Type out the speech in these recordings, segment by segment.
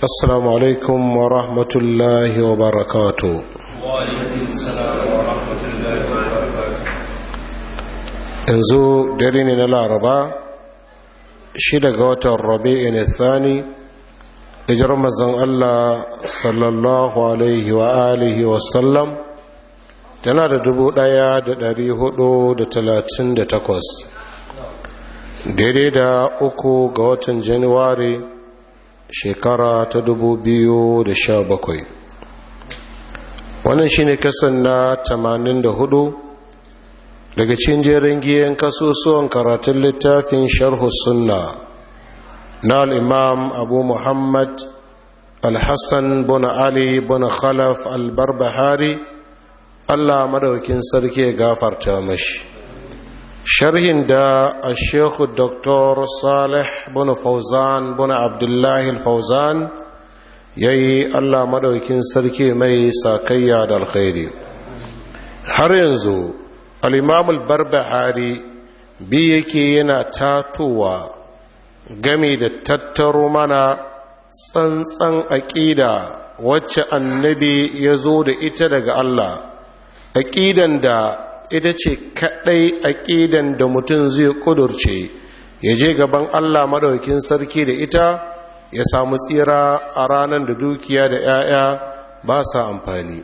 assalamu alaikum wa rahmatullahi wa barakatu yanzu dare ne na laraba shida ga watan rabi'in thani ijar mazan allah sallallahu alaihi wa alihi tana da dubu ɗaya da dari hudu da talatin da takwas daidai da uku ga watan januwari shekara ta dubu biyu da sha bakwai. wannan shine kasan na tamanin da hudu daga cikin jerin giyan kasusuwan karatun littafin sharhu sunna na al'imam abu muhammad alhassan buna ali buna khalaf al-barbahari allah madaukin sarki ya gafarta mashi sharhin da a shekhu dr salih bin fauzan bin abdullahi fauzan ya yi allah maɗaukin sarki mai sakayya da alkhairi har yanzu alimamul barbahari bi yake yana tatowa gami da tattaro mana tsantsan aƙida wacce annabi ya zo da ita daga allah aƙidan da ita ce kaɗai aƙidan da mutum zai ƙudurce ya je gaban allah maɗaukin sarki da ita ya samu tsira a ranar da dukiya da 'ya'ya ba sa amfani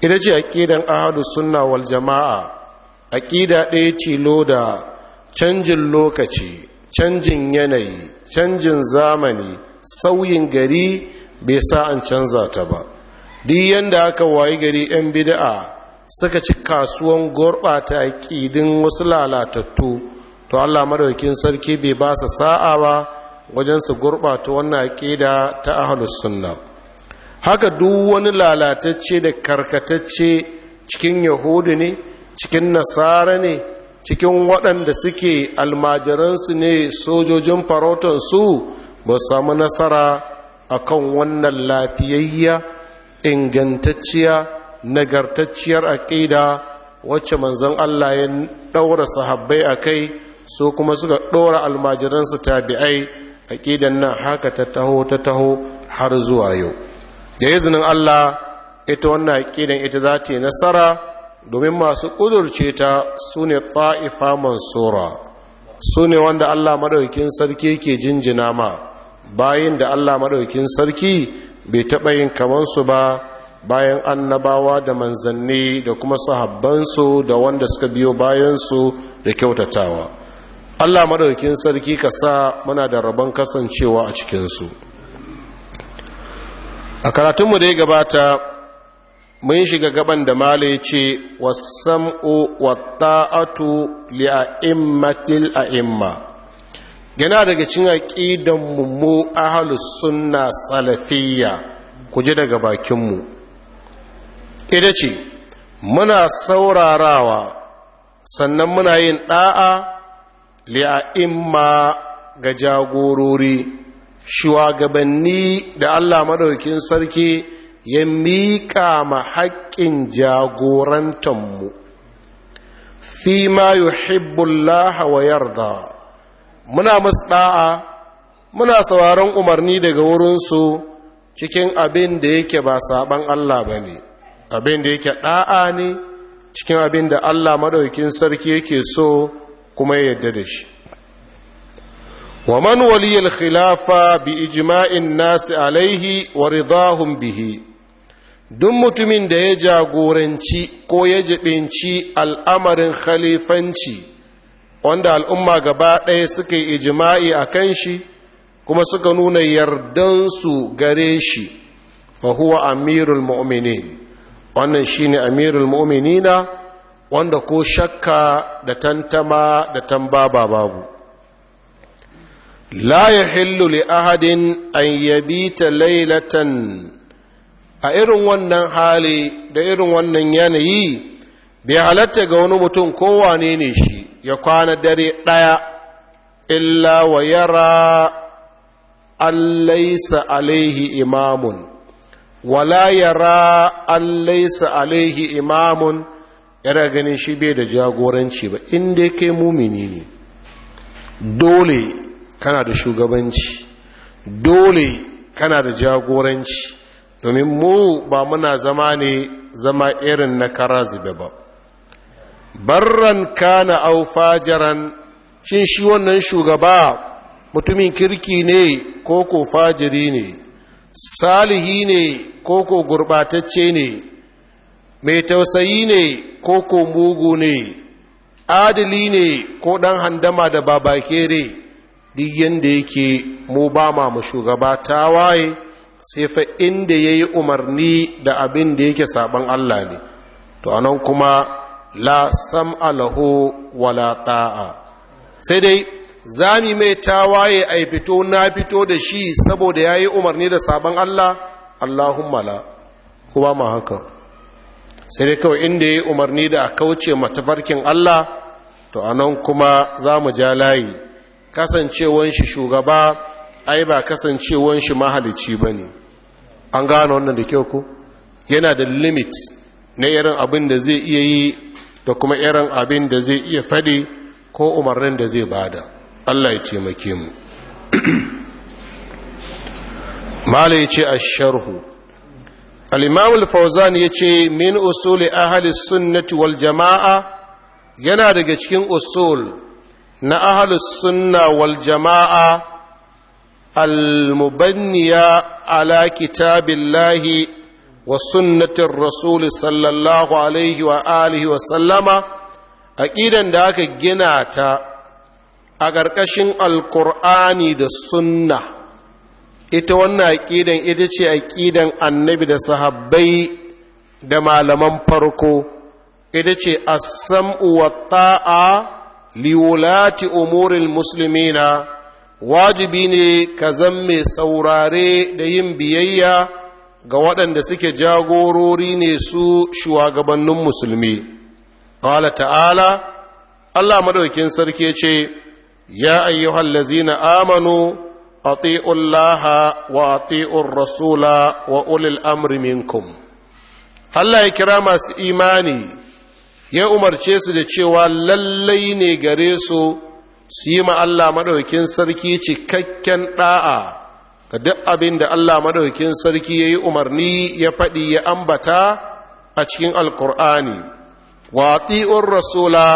ita ce aƙidan ahadu suna wal jama'a aƙida ɗaya tilo da canjin lokaci canjin yanayi canjin zamani sauyin gari bai sa an canza ta ba duk yadda aka wayi gari 'yan bida'a suka ci kasuwan gurɓata ƙidin wasu lalatattu to allah madaukin sarki bai ba su sa'a ba wajen su gurɓata wannan aƙida ta ahlus sunna haka duk wani lalatacce da karkatacce cikin yahudu ne cikin nasara ne cikin waɗanda suke almajiransu ne sojojin farautansu ba samu nasara akan wannan lafiyayya ingantacciya nagartacciyar aƙida wacce manzon Allah ya ɗaura sahabbai a kai su kuma suka ɗora almajiransu tabi'ai aƙidan nan haka ta taho ta taho har zuwa yau da izinin Allah ita wannan aƙidan ita za ta yi nasara domin masu ƙudurce ta su ne ta'ifa mansura su ne wanda Allah maɗaukin sarki ke jinjina ma bayin da Allah maɗaukin sarki bai taɓa yin kamansu ba bayan annabawa da manzanni da kuma sahabbansu da wanda suka biyo bayansu da kyautatawa allah madaukin sarki ka sa muna da rabon kasancewa a cikinsu a karatunmu da ya gabata mun shiga gaban da mala ya ce wasam'u wata'atu li'a'immatil a'imma yana daga cin aƙidan mummu ahalus sunna salafiyya ku ji daga bakinmu ita ce muna saurarawa sannan muna yin ɗa'a li'a'imma ga jagorori shugabanni da Allah maɗaukin sarki ya miƙa ma haƙƙin jagorantanmu fi ma yuhibbullah wa yarda muna masu da'a muna sauraron umarni daga wurinsu cikin abin da yake ba saɓan Allah ba ne abin da yake ɗa'a ne cikin abin da Allah maɗaukin sarki yake so kuma ya yarda da shi wa man waliyal khilafa bi ijma'in nasi alaihi wa ridahum bihi duk mutumin da ya jagoranci ko ya jibinci al'amarin khalifanci wanda al'umma gaba ɗaya suka yi ijima'i a kan shi kuma suka nuna yardansu gare shi fa huwa amirul mu'minin wannan shine amirul mu'minina wanda ko shakka da tantama da tambaba babu la yahillu li ahadin an ta laylatan a irin wannan hali da irin wannan yanayi bai halatta ga wani mutum kowane ne shi ya kwana dare ɗaya illa wa yara allaisa alaihi imamun wala yara an laisa alaihi imamun yana ganin shi bai da jagoranci ba inda kai mumini ne dole kana da shugabanci dole kana da jagoranci domin mu ba muna zama ne zama irin na kara zube ba barran kana au fajaran shin shi wannan shugaba mutumin kirki ne ko ko fajiri ne salihi ne ko ko gurbatacce ne mai tausayi ne ko ko mugu ne adali ne ko ɗan handama da babakere duk yadda yake mu ba ma mu shugaba ta waye sai fa inda ya yi umarni da abin da yake saban Allah ne to anan kuma la sam'alahu wala ta'a sai dai za mu mai tawaye a fito na fito da shi saboda ya yi umarni da sabon Allah Allahumma la kuma ma haka sai dai kawai inda ya yi umarni da a kauce matafarkin Allah to a nan kuma za mu ja layi kasancewan shi shugaba ai ba kasancewan shi mahalici ba ne an gane wannan da kyau ku yana da limit na irin abin da zai iya yi da kuma irin abin da zai iya faɗi ko umarnin da zai bada Allah ya taimake mu mala ya ce a sharhu al'imamul fauzan ya ce min usuli ahalis sunnati wal jama'a yana daga cikin usul na ahalis sunna wal jama'a al-mubanniya ala kitabillahi wa sunnatin rasuli sallallahu alaihi wa alihi wa sallama aƙidan da aka gina ta a ƙarƙashin alƙur'ani da sunna ita wannan aƙidan ita ce aƙidan annabi da sahabbai da malaman farko ita ce assam'u wa ta'a liwulati umurin musulmina wajibi ne ka zan mai saurare da yin biyayya ga waɗanda suke jagorori ne su shugabannin musulmi. Ƙala ta'ala, Allah maɗaukin sarki ce, يا أيها الذين آمنوا أطيعوا wa وأطيعوا الرسول وأولي الأمر منكم الله يكرام إيماني ya umarce su da cewa lallai ne gare su su yi Allah maɗaukin sarki cikakken ɗa'a ga duk abinda Allah maɗaukin sarki ya yi umarni ya faɗi ya ambata a cikin alkur'ani waɗi'un rasula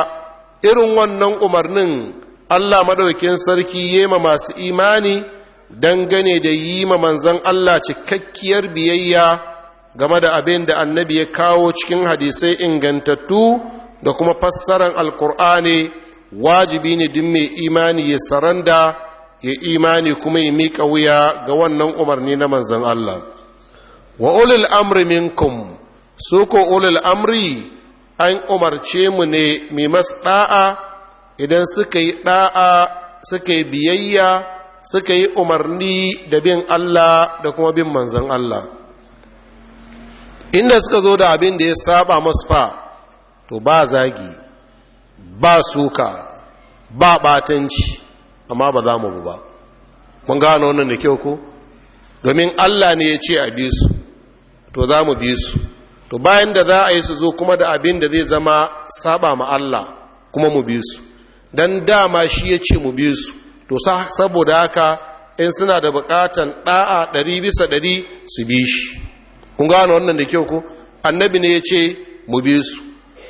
irin wannan umarnin Allah madaukin sarki yema masu imani dangane da yi ma manzan Allah cikakkiyar biyayya game da abin da annabi ya kawo cikin hadisai ingantattu da kuma fassaran alkur'ani wajibi ne duk mai imani ya saranda ya imani kuma ya mika wuya ga wannan umarni na manzan Allah wa ulil amri minkum su ko ulil amri an umarce mu ne mai masɗa'a idan suka yi ɗa'a suka yi biyayya suka yi umarni da bin Allah da kuma bin manzan Allah inda suka zo da abin da ya saba masu fa to ba zagi ba suka ba batanci amma ba za mu ba mun gano wannan da kyau ko domin Allah ne ya ce a bi su to za mu bi su to bayan da za a yi su zo kuma da abin da zai zama saba ma Allah kuma mu bi su don dama shi ya ce mu bi su to saboda haka in suna da bukatan da'a ɗari bisa ɗari su bi shi kun gano wannan da kyau ko annabi ne ya ce mu bi su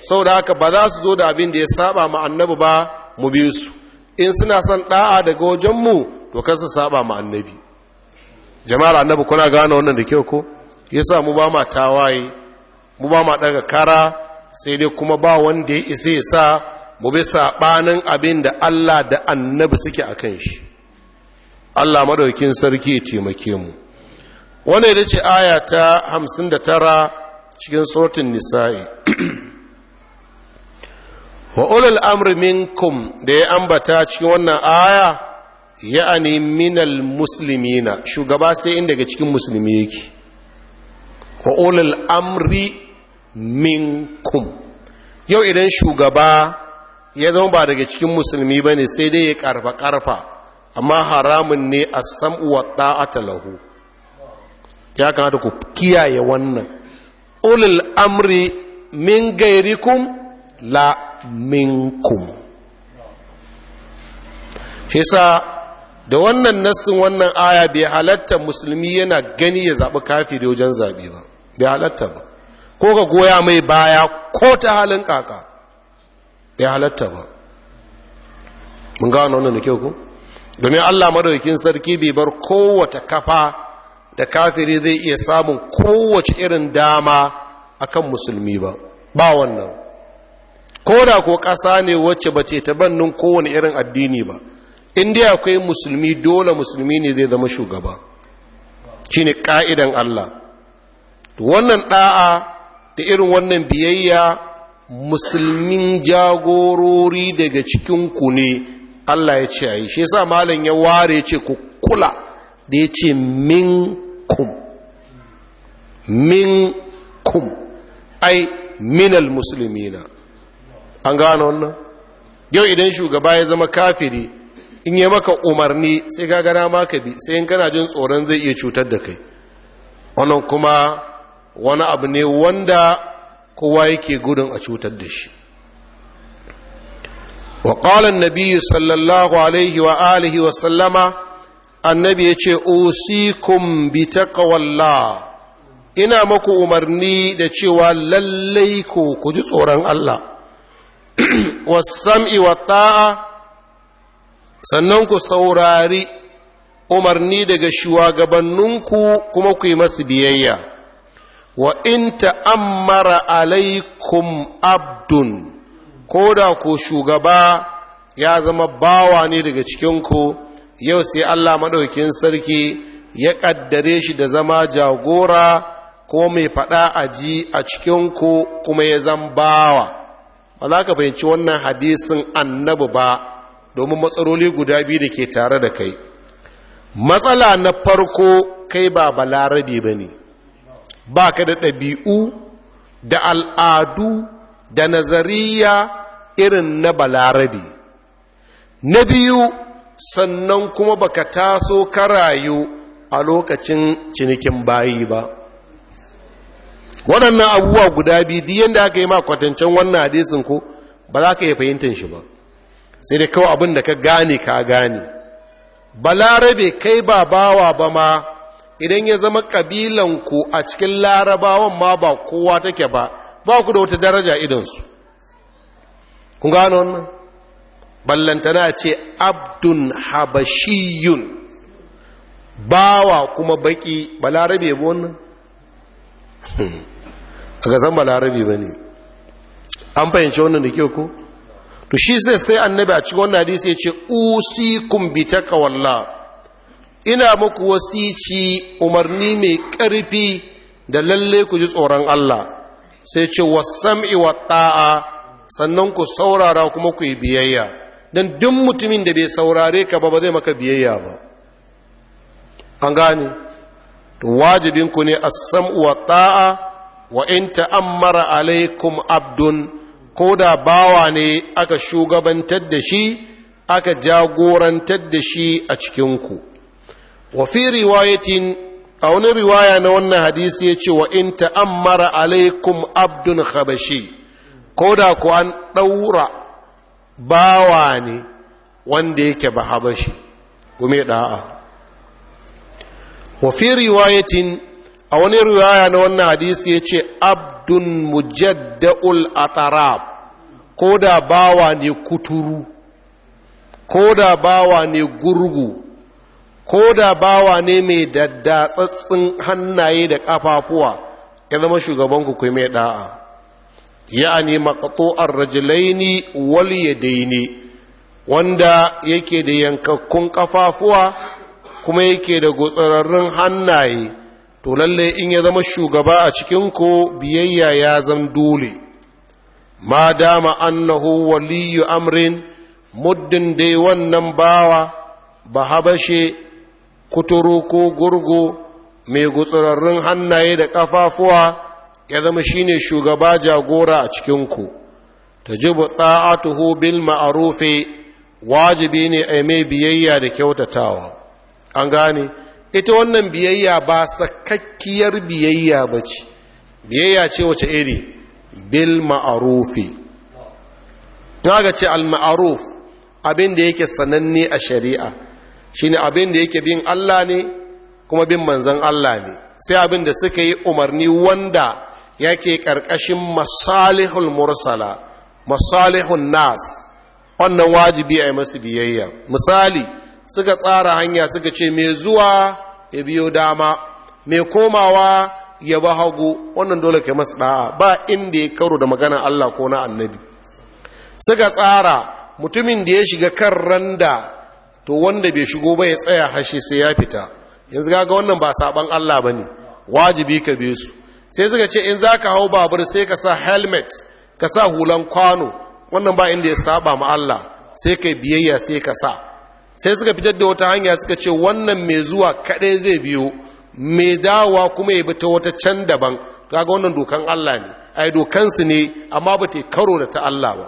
saboda haka ba za su zo da abin da ya saba ma annabi ba mu bi su in suna son da'a daga wajenmu to kansu saba ma annabi jama'ar annabi kuna gano wannan da kyau ko yasa mu ba ma tawaye mu ba ma daga kara sai dai kuma ba wanda ya isa ya sa mu bi saɓanin abin da Allah da annabi suke a kan shi Allah madaukin sarki ya taimake mu wannan da ce aya ta 59 cikin suratul nisa'i wa ulul amri minkum da ya ambata cikin wannan aya ya'ani minal muslimina shugaba sai inda daga cikin musulmi yake wa ulul amri minkum yau idan shugaba ya zama ba daga cikin musulmi ba ne sai dai ya karfa-karfa amma haramun ne a sam'uwa ta'ata lahu ya kamata ku kiyaye wannan ulul amri min gairikum la minkum shi sa da wannan nassin wannan aya bai halatta musulmi yana gani ya zaɓi da wajen zaɓi ba bai halatta ba ko ka goya mai baya ko ta halin kaka ya halatta ba mun gano wannan da kyau ku domin allah madaukin sarki bai bar kowace kafa da kafiri zai iya samun kowace irin dama akan musulmi ba ba wannan ko da ko ƙasa ne wacce ba ce ta bannin kowane irin addini ba indiya akwai musulmi dole musulmi ne zai zama shugaba shine ƙa'idan allah wannan ɗa'a da irin wannan biyayya musulmin jagorori daga cikinku ne Allah ya ce a yi shi yasa malam ya ware ya ce ku kula da ya ce min-kum, ai minal musulmina an gano wannan yau idan shugaba ya zama kafiri in yi maka umarni sai ka gana ka bi sai in kana jin tsoron zai iya cutar da kai wannan kuma wani abu ne wanda kowa yake gudun a cutar da shi wa ƙalan nabi sallallahu alaihi wa alihi wa sallama annabi ya ce usikum bi taqwallah ina maku umarni da cewa lallai ku ku ji tsoron Allah Wa sam'i wa ta'a sannan ku saurari umarni daga shugabanninku kuma ku yi masu biyayya wa in ta'ammara alaikum abdun ko da ko shugaba ya zama bawa ne daga cikinku yau sai Allah maɗaukin sarki ya ƙaddare shi da zama jagora ko mai faɗa a ji a cikinku kuma ya zan bawa ba ka fahimci wannan hadisin annabi ba domin matsaloli guda biyu da ke tare da kai matsala na farko kai ba balarabe ba ne ba ka da ɗabi'u da al'adu da nazariya irin na balarabe na biyu sannan kuma ba ka taso ka rayu a lokacin cinikin bayi ba waɗannan abubuwa guda biyu duk yadda aka yi ma kwatancen wannan hadisin ko ba za ka yi fahimtar shi ba sai da kawai abin da ka gane ka gane balarabe kai ba bawa ba ma idan ya zama ƙabilanku a cikin larabawan ma ba kowa take ba ba ku da wata daraja idansu kun gano wannan ballantana ce abdun habashiyun bawa kuma baki balarabe ba wannan a gazan balarabe ba ne an fahimci wannan da kyau ko to shi sai sai annabi a cikin wannan hadisi ya ce usikum bi taqwallah ina muku wasici umarni mai ƙarfi da lalle ku ji tsoron Allah sai ce wasam'i wa ta'a sannan ku saurara kuma ku yi biyayya don duk mutumin da bai saurare ka ba ba zai maka biyayya ba an gane to wajibinku ne a samu wa ta'a wa in ta'ammara alaikum abdun ko da bawa ne aka shugabantar da shi aka jagorantar da shi a cikinku wa fi riwayatin a wani riwaya na wannan hadisi ya ce wa in ta'ammara alaikum abdun habashi ko da ku an ɗaura bawa ne wanda yake ba habashi gume ɗa'a wa fi riwayatin a wani riwaya na wannan hadisi ya ce abdun mujadda'ul atarab ko da bawa ne kuturu ko da bawa ne gurgu ko da bawa ne mai daddatsatsin hannaye da ƙafafuwa ya zama shugabanku ku mai da'a ya'ani maqtu'ar rajulaini wal yadaini wanda yake da yankakkun ƙafafuwa kuma yake da gutsararrun hannaye to lalle in ya zama shugaba a cikin ku biyayya ya zan dole ma dama annahu waliyu amrin muddin dai wannan bawa ba habashe kuturu ko gurgu mai gutsurarrun hannaye da ƙafafuwa ya zama shine shugaba jagora a cikinku ta ji jibu tuho bil ma'arufe wajibi ne a mai biyayya da kyautatawa an gane ita wannan biyayya ba sakakkiyar biyayya ba ce biyayya ce wace iri bil ma'arufi ta ga ce al ma'aruf abin da yake sananne a shari'a shine abin da yake bin Allah ne kuma bin manzon Allah ne sai abin da suka yi umarni wanda yake karkashin masalihul mursala masalihun nas wannan wajibi a yi masu biyayya misali suka tsara hanya suka ce mai zuwa ya biyo dama mai komawa ya ba hagu wannan dole kai masu da'a ba inda ya karo da magana Allah ko na annabi suka tsara mutumin da ya shiga kan randa to wanda bai shigo ba ya tsaya hashe sai ya fita yanzu ga wannan ba saban Allah bane wajibi ka bi su sai suka ce in zaka hau babur sai ka sa helmet ka sa hulan kwano wannan ba inda ya saba ma Allah sai kai biyayya sai ka sa sai suka fitar da wata hanya suka ce wannan mai zuwa kadai zai biyo mai dawa kuma ya bi ta wata can daban kaga wannan dokan Allah ne ai su ne amma ba ta karo da ta Allah ba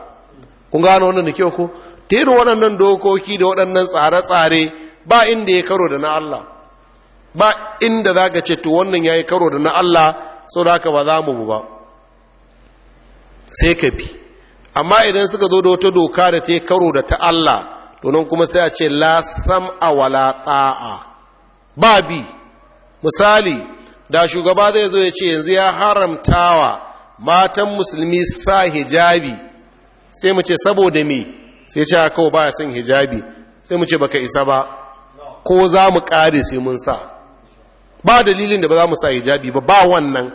kun gano wannan da kyau ko irin waɗannan dokoki da waɗannan tsare-tsare ba inda ya karo da na Allah ba inda za ka ce to wannan ya yi karo da na Allah sau da ka ba za mu ba sai ka bi amma idan suka zo da wata doka da ta yi karo da ta Allah tunan kuma sai a ce la a wala ta'a ba bi misali da shugaba zai zo ya ce yanzu ya haramtawa matan musulmi sa hijabi sai mu ce saboda me sai ce ah, kawo ba ya son hijabi sai mu ce baka isa ba ko za mu ƙare sai mun sa ba dalilin da ba za mu sa hijabi ba ba wannan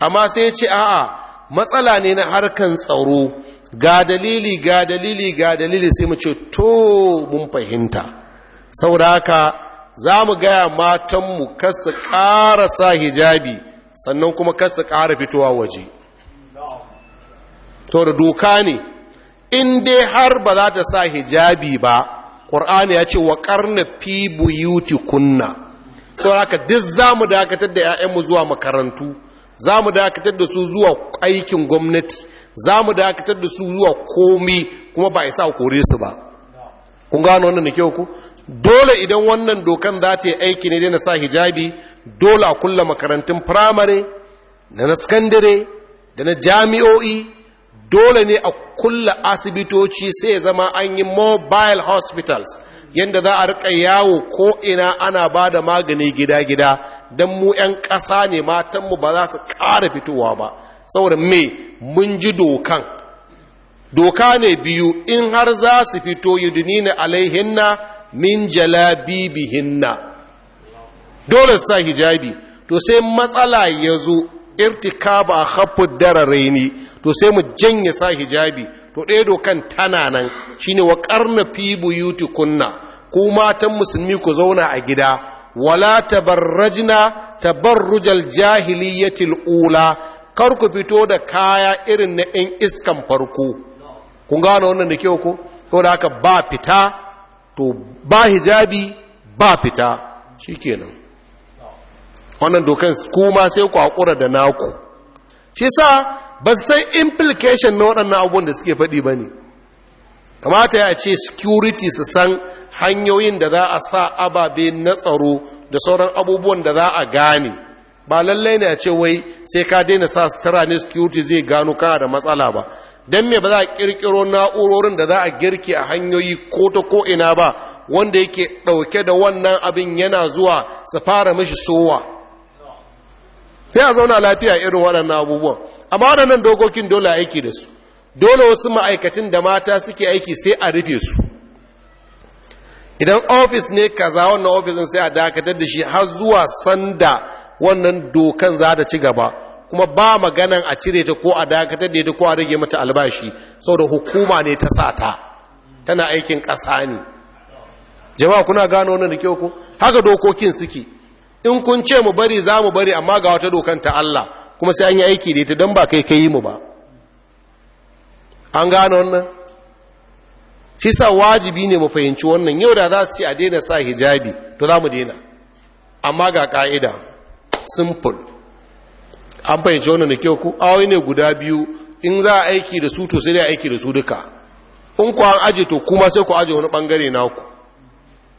amma sai ce a'a matsala ne na harkan tsaro ga dalili ga dalili ga dalili sai mu ce to mun fahimta saboda haka za mu gaya matanmu kasu ƙara sa hijabi sannan kuma kasu kara fitowa waje to da doka ne in dai har ba za ta sa hijabi ba ƙur'ani ya ce wa ƙarni fi buyuti kunna haka duk za mu dakatar da 'ya'yanmu zuwa makarantu za mu dakatar da su zuwa aikin gwamnati za mu dakatar da su zuwa komi kuma ba isa kore su ba kun gano wannan da kyau ku dole idan wannan dokan za ta yi aiki ne na sa hijabi dole a kulla makarantun firamare da na sakandare da na jami'o'i dole ne a kulla asibitoci sai zama an yi mobile hospitals yadda za a rika yawo ko ina ana ba da magani gida-gida don mu 'yan ƙasa ne matanmu ba za su ƙara fitowa ba saboda me mun ji dokan doka ne biyu in har za su fito na alaihinna min jalabibihinna dole sa hijabi to sai matsala ya zo irtikaba dara dararaini to sai mu janye sa hijabi to ɗaya dokan tana nan shine wa qarna fi kunna? ku matan musulmi ku zauna a gida wala tabarrajna tabarrujal jahiliyatil ula kar ku fito da kaya irin na ɗan iskan farko kun gano wannan da kyau ko to da haka ba fita to ba hijabi ba fita shikenan wannan dokan kuma sai ku haƙura da naku shi sa ba san implication na waɗannan abubuwan da suke faɗi ba ne kamata ya ce security su san hanyoyin da za a sa ababe na tsaro da sauran abubuwan da za a gane ba lallai ne a ce wai sai ka daina sa sutura ne security zai gano kana da matsala ba don me ba za a kirkiro na'urorin da za a girke a hanyoyi ko ta ko'ina ba wanda yake ɗauke da wannan abin yana zuwa su fara mishi sowa sai a zauna lafiya irin waɗannan abubuwan amma waɗannan dokokin dole aiki da su dole wasu ma'aikacin da mata suke aiki sai a rufe su idan ofis ne kaza wannan ofisin sai a dakatar da shi har zuwa sanda wannan dokan za ta ci gaba kuma ba maganan a cire ta ko a dakatar da ita ko a rage mata albashi saboda hukuma ne ta sa ta. tana aikin ƙasa ne jama'a kuna gano wannan da kyau ko haka dokokin suke in kun ce mu bari za mu bari amma ga wata dokan ta Allah kuma sai an yi aiki da ita don ba kai kai mu ba an gano wannan shi sa wajibi ne mu fahimci wannan yau da za su ce a daina sa hijabi to za mu daina amma ga ka'ida simple an fahimci wannan da kyau ku awai ne guda biyu in za a aiki da su to sai dai aiki da su duka in ku an aje to kuma sai ku aje wani bangare naku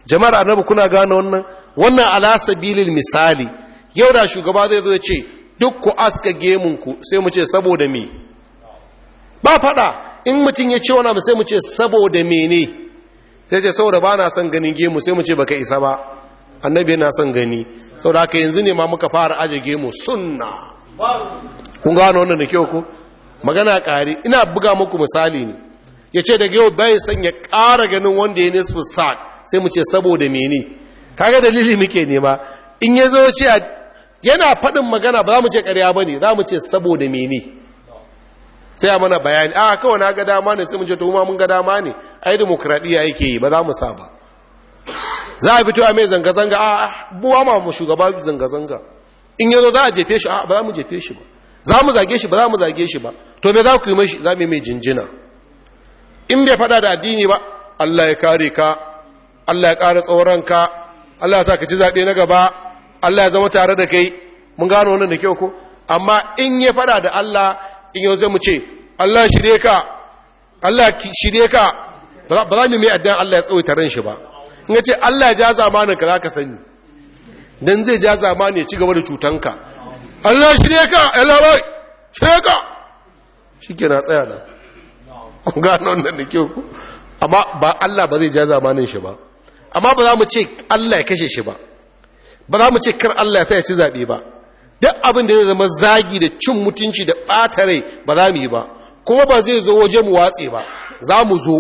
jama'ar annabi kuna gane wannan wannan ala misali yau da shugaba zai zo ya ce duk ku aska gemunku sai mu ce saboda me ba fada in mutum ya ce wani sai mu ce saboda mene sai ce saboda ba na son ganin gemu sai mu ce baka isa ba annabi yana son gani saboda haka yanzu ne ma muka fara aje gemu sunna kun gano wannan da kyau ko magana kare ina buga muku misali ne ya ce daga yau bai son ya ƙara ganin wanda ya nisfu sa sai mu ce saboda mene kaga dalili muke nema in ya zo ce yana faɗin magana ba za mu ce ƙarya ba ne za mu ce saboda mene sai a mana bayani a kawai na ga dama ne sai mu ce tuhuma mun ga dama ne yi demokradiyya yake yi ba za mu sa ba za a fito a mai zanga-zanga a buwa ma mu shugaba zanga-zanga in zo za a jefe shi a ba za mu jefe shi ba za mu zage shi ba za mu zage shi ba to me za ku yi mashi za mu yi mai jinjina in bai faɗa da addini ba Allah ya kare ka Allah ya ƙara tsoron ka Allah ya sa ka ci zaɓe na gaba Allah ya zama tare da kai mun gano wannan da kyau ko amma in ya fada da Allah in yau zai mu ce Allah shirye ka Allah shirye ka ba za mu mai addan Allah ya tsawaita ran shi ba in ya ce Allah ya ja zamanin ka za ka sani dan zai ja zamani ya ci gaba da cutanka Allah shirye ka Allah bai shirye ka shike na tsaya na ku gano wannan da kyau ko amma ba Allah ba zai ja zamanin shi ba amma ba za mu ce Allah ya kashe shi ba ba za mu ce kar Allah ya fayaci zaɓe ba duk abin da zai zama zagi da cin mutunci da ɓata ba za mu yi ba kuma ba zai zo waje mu watse ba za mu zo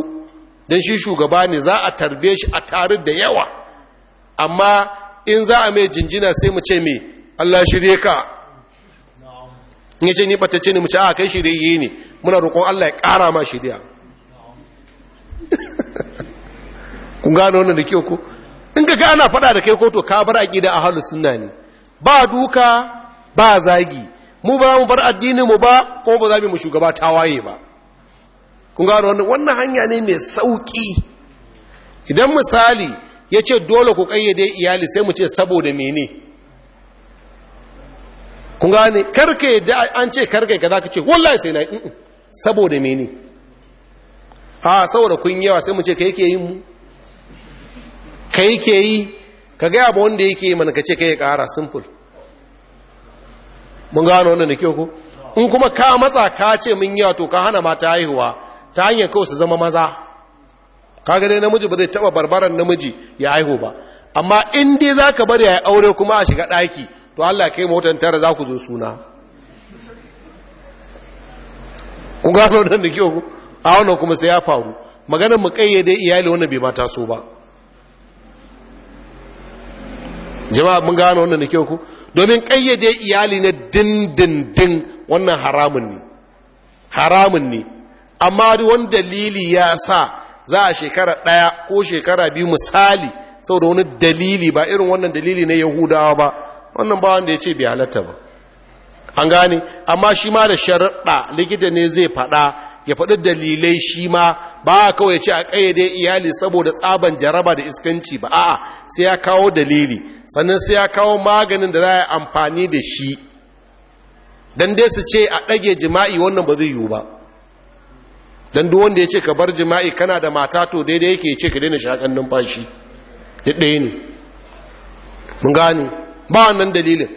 don shi shugaba ne za a tarbe shi a tarin da yawa amma in za a mai jinjina sai mu ce mai Allah shirye ka in ce ni ɓatacce ne mu ce a kai shirye ne muna roƙon Allah ya ƙara ma shirya kun gano wannan da kyau ko in ka ana faɗa da kai ko to ka bar aqida ahlus sunna ne ba duka ba zagi mu ba mu bar addini mu ba ko ba za mu shugaba tawaye ba kun gano wannan wannan hanya ne mai sauki idan misali ya ce dole ku ƙayyade iyali sai mu ce saboda mene kun gane karka yadda an ce karka ka za ka ce wallahi sai na yi saboda mene a ah, saboda kun yawa sai mu ce ka yake yin mu kai ke yi ka gaya ba wanda yake yi mana ka ce ka yi kara simple mun gano wannan da kyau in kuma ka matsa ka ce mun yi to ka hana mata haihuwa ta hanyar kawai su zama maza ka gane namiji ba zai taba barbaran namiji ya haihu ba amma in dai za ka bari ya aure kuma a shiga ɗaki to allah kai motan tara za ku zo suna ku gano wannan da kyau a wannan kuma sai ya faru maganar mu kayyade iyali wannan bai mata so ba jama'a mun gano wannan da kyau ku domin kayyade iyali na dindindin wannan haramun ne haramun ne amma wani dalili ya sa za a shekara ɗaya ko shekara biyu misali saboda wani dalili ba irin wannan dalili na yahudawa ba wannan ba wanda ya ce bi halatta ba an gane amma shi ma da sharaɗa likita ne zai faɗa ya faɗi dalilai shi ma ba kawai ce a kayyade iyali saboda tsaban jaraba da iskanci ba a'a sai ya kawo dalili sannan sai ya kawo maganin da za a yi amfani da shi don dai su ce a ɗage jima'i wannan ba zai yiwu ba don duk wanda ya ce ka bar jima'i kana da mata to daidai yake ce ka daina shakan numfashi ɗaya ne mun gane ba wannan dalilin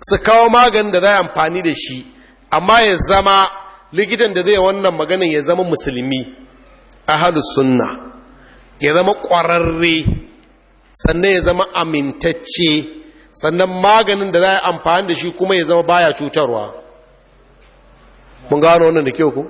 su kawo maganin da za a amfani da shi amma ya zama likitan da zai wannan maganin ya zama musulmi a sunna ya zama ƙwararre sannan ya zama amintacce sannan maganin da za a amfani da shi kuma ya zama baya cutarwa mun gano wannan da kyau ku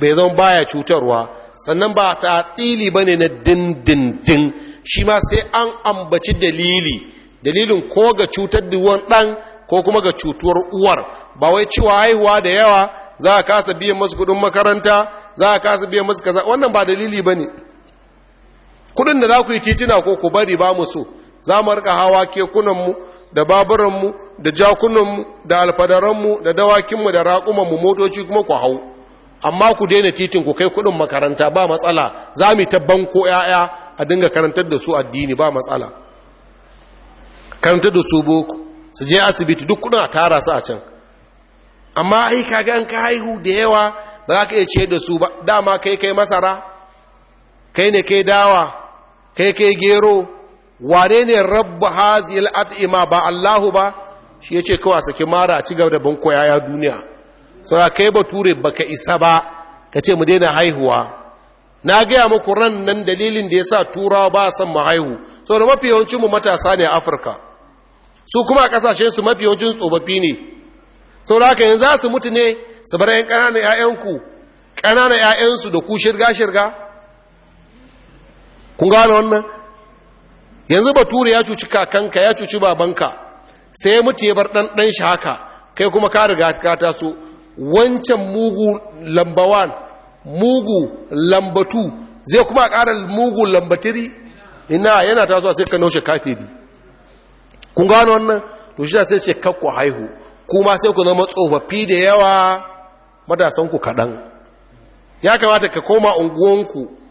bai zama baya cutarwa sannan ba ta tsili ba ne na dindindin shi ma sai an ambaci dalili dalilin ko ga cutar da ɗan ko kuma ga cutuwar uwar ba wai cewa haihuwa da yawa za a kasa biyan masu kudin makaranta za a kasa biyan masu kaza wannan ba dalili ba ne kudin da za ku yi titina ko ku bari ba mu so za mu rika hawa kekunanmu da baburanmu da jakunanmu da alfadaranmu da dawakinmu da raƙumanmu motoci kuma ku hau amma ku daina titin ku kai kudin makaranta ba matsala za mu ta banko 'ya'ya a dinga karantar da su addini ba matsala karantar da su boko su je asibiti duk kudin a tara su a can amma ai kaga an ka haihu da yawa ba za ka iya ce da su ba dama kai kai masara kai ne kai dawa kai kai gero wane ne rabbu hazil at'ima ba Allahu ba shi ya yace kawai saki mara ci gaba da banko yaya duniya sai kai bature ka isa ba Ka ce mu daina haihuwa na gaya muku ran nan dalilin da ya sa turawa ba san mu haihu da mafi yawancin mu matasa ne a Afirka su kuma a kasashen su mafi yawancin tsofaffi ne da haka yanzu za su mutu ne su bar 'yan ƙananan 'ya'yanku ƙananan 'ya'yansu da ku shirga shirga kun gano wannan yanzu bature ya cuci kakanka ya cuci babanka sai mutu ya bar ɗanɗan shi haka kai kuma ka riga ka taso wancan mugu lambawan mugu lambatu zai kuma ƙara mugu lambatiri ina yana taso sai ka naushe kafiri kun gano wannan to shi sai ce kakku haihu kuma sai ku zama tsofaffi da yawa matasanku kaɗan ya kamata ka koma unguwanku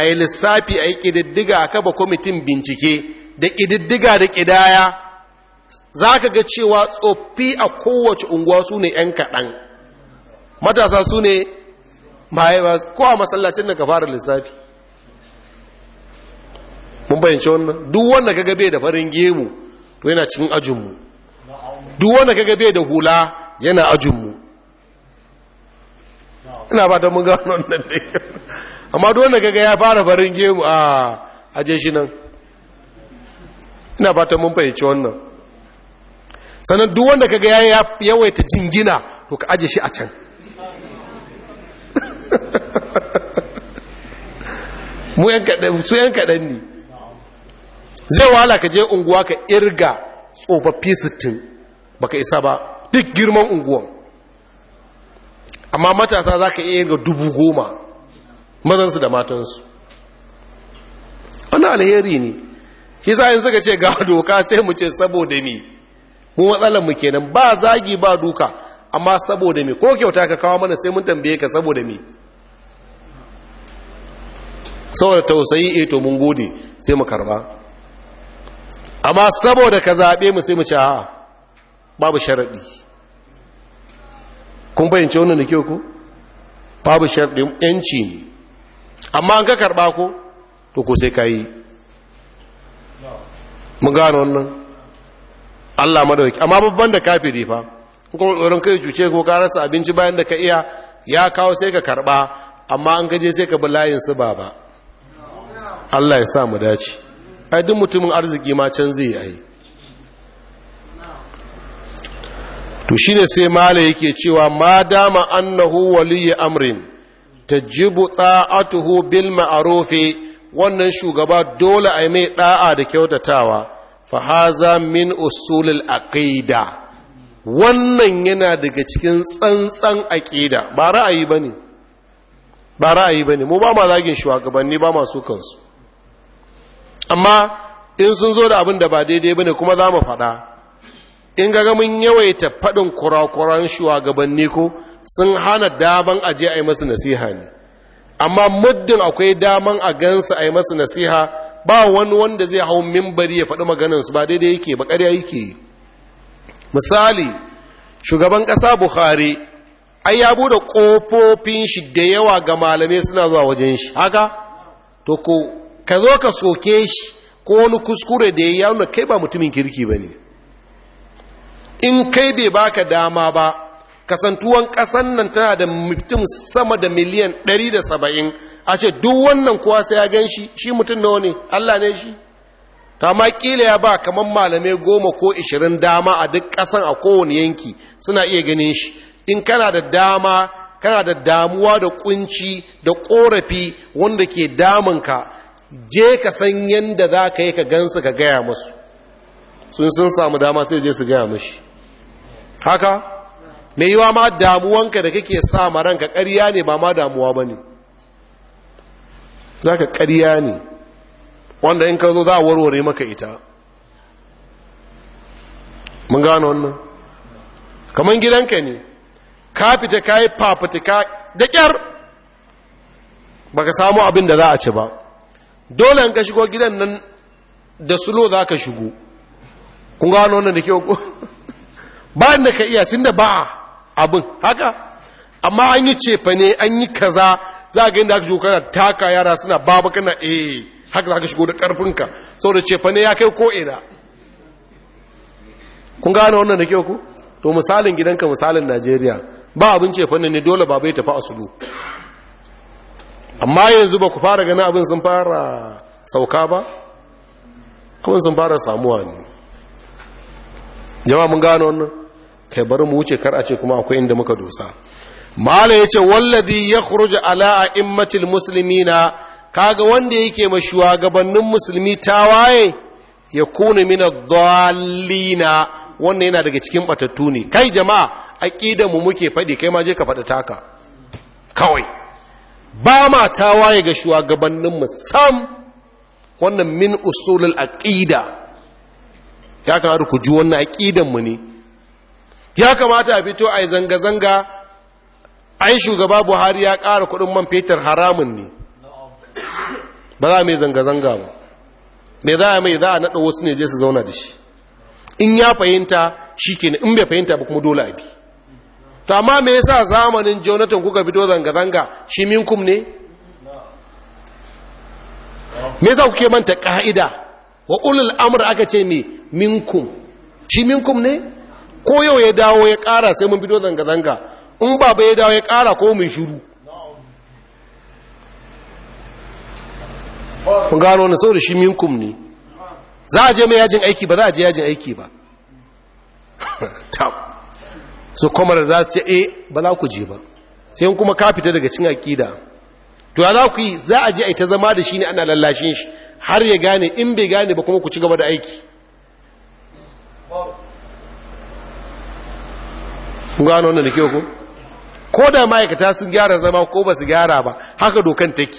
a yi lissafi a yi ƙididdiga a kaba kwamitin bincike da ƙididdiga da ƙidaya za ka ga cewa tsoffi a kowace unguwa su ne 'yan kaɗan matasa su ne ko a masallacin da ka fara lissafi mun bayanci wannan duk wanda ka gabe da farin gemu to yana cikin ajinmu duk wanda ka gabe da hula yana ajinmu ina ba ta mun gano wannan da amma duk wanda gaga ya fara farin gemu a aje shi nan ina fata mun fahimci wannan sannan duk wanda kaga ya yawaita jingina to ka aje shi a can mu yan kaɗan su yan kaɗan ne zai wala ka je unguwa ka irga tsofaffi sittin baka isa ba duk girman unguwan amma matasa za ka iya irga dubu goma mazansu da matansu wani alheri ne shi sa suka ce ga doka sai mu ce saboda mi, mu matsalar mu kenan ba zagi ba duka amma saboda mi, ko kyauta ka kawo mana sai mun tambaye ka saboda mi. saboda tausayi eh to mun gode sai mu karba amma saboda ka zaɓe mu sai mu ce ha babu sharaɗi. kun bayyance wannan da kyau ko babu sharadin yanci ne amma an ka karɓa ko to ko sai ka yi mun gano wannan allah madawaki amma babban da kafiri fa kuma tsoron kai cuce ko ka rasa abinci bayan da ka iya ya kawo sai ka karɓa amma an gaje sai ka bi layin su ba ba allah ya sa mu dace ai duk mutumin arziki ma can zai yi to shine sai mala yake cewa ma dama annahu waliyyi amrin tajibu ta'atuhu bil ma'arufi wannan shugaba dole a mai da'a da kyautatawa fa haza min usulil aqida wannan yana daga cikin tsantsan aqida ba ra'ayi bane ba ra'ayi bane mu ba ma zagin shugabanni ba ma kansu amma in sun zo da abin da ba daidai bane kuma za mu faɗa in ga mun yawaita faɗin kurakuran shugabanni ko sun hana daban aje a yi masu nasiha ne amma muddin akwai daman a gansa a yi masu nasiha ba wani wanda zai hau mimbari ya faɗi maganansu ba daidai yake ba ƙarya yake yi misali shugaban ƙasa buhari ai ya bude ƙofofin shi da yawa ga malamai suna zuwa wajen shi haka to ko ka zo ka soke shi ko wani kuskure da ya yi kai ba mutumin kirki ba ne in kai bai baka dama ba kasantuwan ƙasan nan tana da mutum sama da miliyan 170 a ce duk wannan kuwa sai ya gan shi shi mutum nawa ne Allah ne shi ta ma ƙila ya ba kamar malamai goma ko ishirin dama a duk ƙasan a kowane yanki suna iya ganin shi in kana da dama kana da damuwa da kunci da ƙorafi wanda ke damunka je ka san yadda za ka yi ka gansu ka gaya masu sun sun samu dama sai je su gaya mashi haka mai yiwa ma damuwanka da kake sa ma ranka ƙarya ne ba ma damuwa ba ne za ka ƙarya ne wanda in ka zo za a warware maka ita mun gano wannan kamar gidanka ne ka fita ka yi fafutuka da ƙyar ba ka samu abin da za a ci ba dole an ka shigo gidan nan da sulo za ka shigo kun gano wannan da kyau ba inda ka iya tun da ba'a abin haka amma an yi cefa ne an yi kaza za ga inda aka shigo kana taka yara suna babu kana eh haka za ka shigo da karfinka saboda cefa ne ya kai ko ina kun gane wannan da kyau ku to misalin gidanka misalin Najeriya ba abin cefa ne dole ba bai tafi sudu amma yanzu ba ku fara gani abin sun fara sauka ba abin sun fara samuwa ne jama'a mun gane wannan kai bari mu wuce kar a ce kuma akwai inda muka dosa mala ya ce wallazi ya ala a'immatil muslimina kaga wanda yake ma shugabannin musulmi tawaye ya kuna min ad-dallina wannan yana daga cikin batattu ne kai jama'a aqida mu muke fadi kai ma je ka fada taka kawai ba ma tawaye ga shugabannin mu sam wannan min usulul aqida ya kamata ku ji wannan aqidan mu ne ya kamata a fito a yi zanga-zanga an shugaba buhari ya ƙara kuɗin man fetur haramun ne ba za a mai zanga-zanga ba mai za a mai za a naɗa wasu ne je su zauna da shi in ya fahimta shi ke in bai fahimta ba kuma dole a bi to amma me yasa zamanin jonathan kuka fito zanga-zanga shi minkum ne me yasa kuke manta ka'ida wa ulul amur aka ce me minkum shi minkum ne ko yau ya dawo ya ƙara sai mun bido zanga-zanga in baba ya dawo ya ƙara ko mun shuru kun gano na sau da shi minkum ne za a je mai yajin aiki ba za a je yajin aiki ba su kuma da za su ce eh ba za ku je ba sai kuma ka fita daga cin aƙida to ya za ku yi za a je a yi ta zama da shi ne ana lallashin shi har ya gane in bai gane ba kuma ku ci gaba da aiki Kun gano wannan da kyau ko ko da ma'aikata sun gyara zama ko ba su gyara ba haka dokan take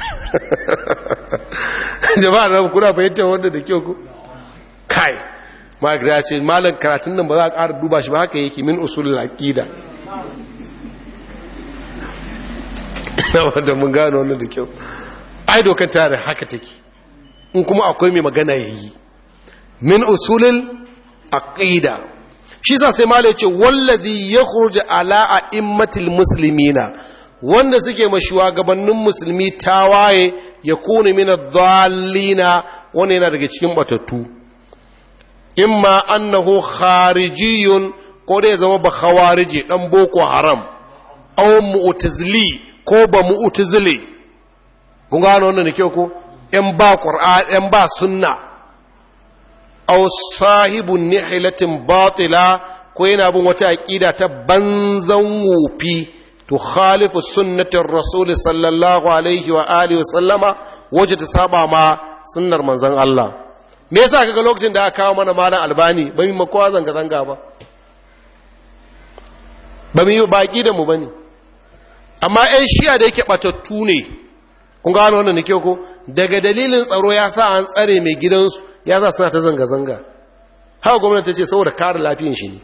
jama'a na kuna fahimtar wanda da kyau ku kai ma'aikata ce malar karatun nan ba za a ƙara duba shi ba haka yake min usulul aqida wanda mun gano wannan da kyau ai dokan tare haka take in kuma akwai mai magana ya yi min usulul aƙida shi sa sai malai ce wallazi ya kurji ala a immatil musulmina wanda suke ma shugabannin musulmi ta waye ya kuna mina dhalina wanda yana daga cikin batattu imma annahu kharijiyun ko dai zama ba khawariji dan boko haram aw mu'tazili ko ba mu'tazili kun gano wannan da kyau ko yan ba qur'an yan ba sunna aw sahibu nihilatin batila ko yana bin wata aqida ta banzan wofi to khalifu sunnatin rasul sallallahu alaihi wa alihi wa sallama waje ta saba ma sunnar manzon Allah me yasa kaga lokacin da aka kawo mana malam albani ba mu kowa zanga zanga ba ba mu yi baki mu bane amma ɗan shiya da yake batattu ne kun gano wannan ne ko daga dalilin tsaro ya sa an tsare mai gidansu ya za suna ta zanga-zanga haka gwamnati ta ce saboda kare lafiyan shi ne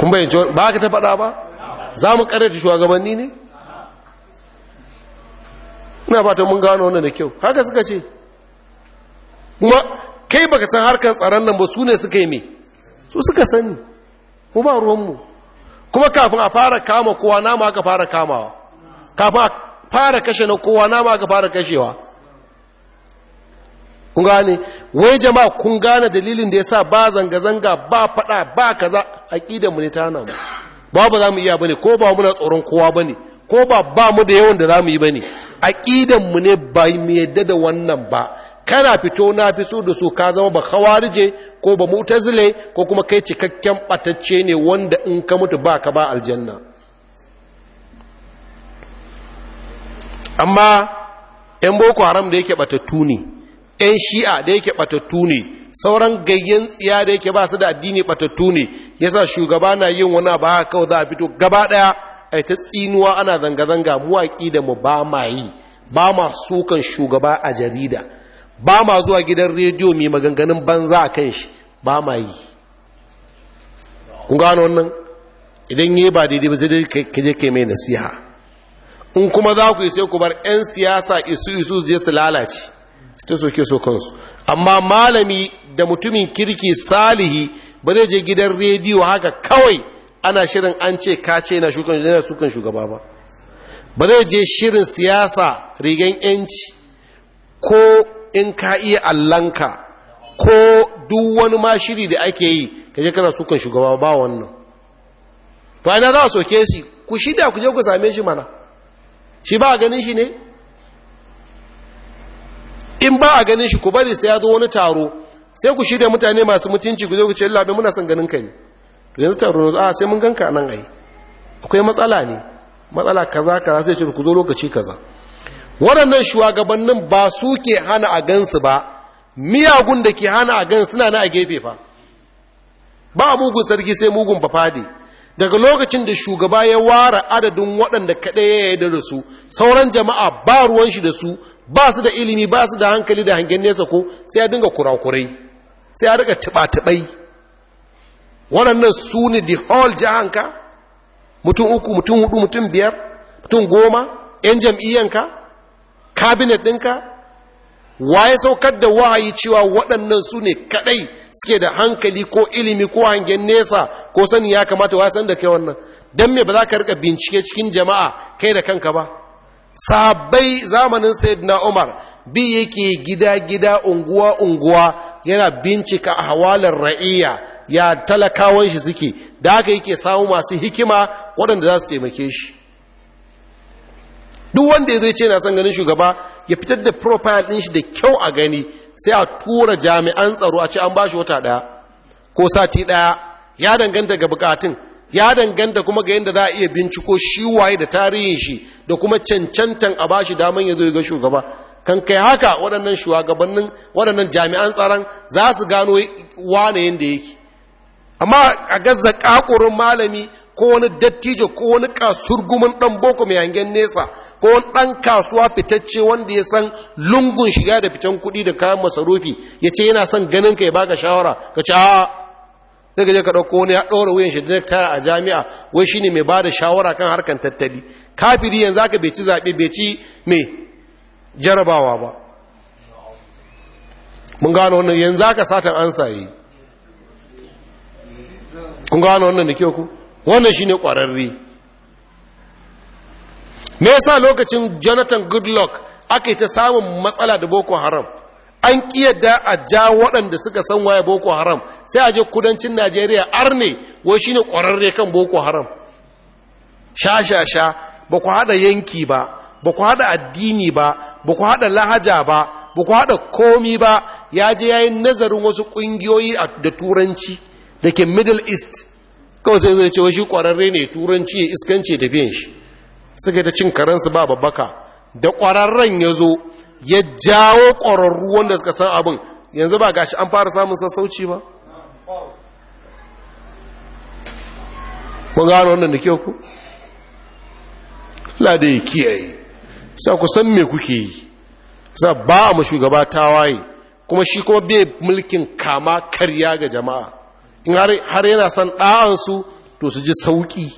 kun ce ba haka ta faɗa ba za mu ƙarfi shugabanni ne ina fata mun gano wannan da kyau haka suka ce kuma kai baka san harkar tsaron nan ba su ne suka yi mai su suka sani mu ba ruwanmu kuma kafin a fara kama kowa nama aka fara kamawa kafin a fara kashe na kowa nama aka fara kashewa kun gane wai jama'a kun gane dalilin da yasa ba zanga-zanga ba fada ba kaza aqidar mu ne ta hana mu ba ba za iya bane ko ba muna tsoron kowa bane ko ba ba mu da yawan da za mu yi bane aqidar mu ne ba mu yadda da wannan ba kana fito na fi so da su ka zama ba khawarije ko ba mu'tazile ko kuma kai cikakken batacce ne wanda in ka mutu ba ka ba aljanna amma yan boko haram da yake batattu ne yan shi'a da yake batattu ne sauran gayyen tsiya da yake ba su da addini batattu ne ya sa shugaba na yin wani abu a kawai za a fito gaba ɗaya. A ta tsinuwa ana zanga-zanga muwaƙi da mu ba ma yi ba ma sukan shugaba a jarida ba ma zuwa gidan rediyo mai maganganun banza a kan shi ba ma yi kun gano wannan idan yi ba daidai ba sai dai ka je kai mai nasiha in kuma za ku sai ku bar 'yan siyasa isu isu je su lalace su soke so kansu amma malami da mutumin kirki salihi ba zai je gidan rediyo haka kawai ana shirin an ce kace na sukan shugaba ba ba zai je shirin siyasa rigan yanci ko in ka iya allanka ko duk wani ma shiri da ake yi kaje kana sukan shugaba ba wannan to ina za a soke shi ku shida ku je ku same shi mana shi ba a ganin shi ne in ba a ganin shi ku bari sai ya zo wani taro sai ku shirya mutane masu mutunci ku zo ku ce labe muna son ganin ka ne yanzu taro ne ah, a sai mun ganka nan ai akwai matsala ne matsala kaza kaza sai ce ku zo lokaci kaza waɗannan shugabannin ba su ke hana a gansu ba miyagun da ke hana a gansu suna na a gefe fa ba mugun sarki sai mugun ba fadi daga lokacin da shugaba ya ware adadin waɗanda kaɗai ya yi da su sauran jama'a ba ruwan shi da su ba su da ilimi ba su da hankali da hangen nesa ko sai ya dinga kurakurai sai ya rika tuba-tubai waɗannan su ne the whole jihanka mutum uku mutum hudu mutum biyar mutum goma 'yan jam'iyyanka kabinet ɗinka Wa ya saukar da wahayi cewa waɗannan su ne kaɗai suke da hankali ko ilimi ko hangen nesa ko sani ya kamata ya san da kai wannan don me ba za ka rika bincike cikin jama'a kai da kanka ba Sabai zamanin na umar bi yake gida gida unguwa unguwa yana bincika a hawalar ra'iya ya talakawan shi suke da haka yake samu masu hikima waɗanda za su taimake shi duk wanda ya zai ce na son ganin shugaba ya fitar da profile ɗin shi da kyau a gani sai a tura jami'an tsaro a ce an ba shi wata ɗaya ko sati ɗaya ya danganta ga bukatun ya danganta kuma ga yadda za a iya binciko shi waye da tarihin shi da kuma cancantan a bashi daman ya zo ga shugaba kan kai haka waɗannan shugabannin waɗannan jami'an tsaron za su gano wane yadda yake amma a gazza ƙaƙurin malami ko wani dattijo ko wani kasurgumin dan boko mai hangen nesa ko wani dan kasuwa fitacce wanda ya san lungun shiga da fitan kuɗi da kayan masarufi ya ce yana son ganin ka ya baka shawara ka ce a daga je ka ɗauko wani ya ɗora wuyan shi da tara a jami'a wai shine mai ba da shawara kan harkan tattali kafiri yanzu aka bai ci zaɓe bai ci mai jarabawa ba mun gano wannan yanzu aka satan an yi. kun gano wannan da kyau ku wannan shi ne ƙwararri me yasa lokacin jonathan goodluck aka yi ta samun matsala da boko haram an da a ja waɗanda suka san waye boko haram sai a je kudancin najeriya arne wai shine ƙwararre kan boko haram sha sha sha ba ku haɗa yanki ba ba ku haɗa addini ba ba ku haɗa lahaja ba ba ku haɗa komi ba ya je ya yi nazarin wasu ƙungiyoyi da turanci da ke middle east kawai sai zai ce wa shi kwararre ne turanci ya iskanci biyan shi suka ta cin karansu ba babbaka da kwararren ya zo ya jawo kwararru wanda suka san abin yanzu ba gashi an fara samun sassauci ba kun gano wannan da kyau ku lada ya kiyaye sa ku san me kuke yi sa ba mu shugaba tawaye kuma shi kuma bai mulkin kama karya ga jama'a in har yana son ɗa'ansu to su ji sauƙi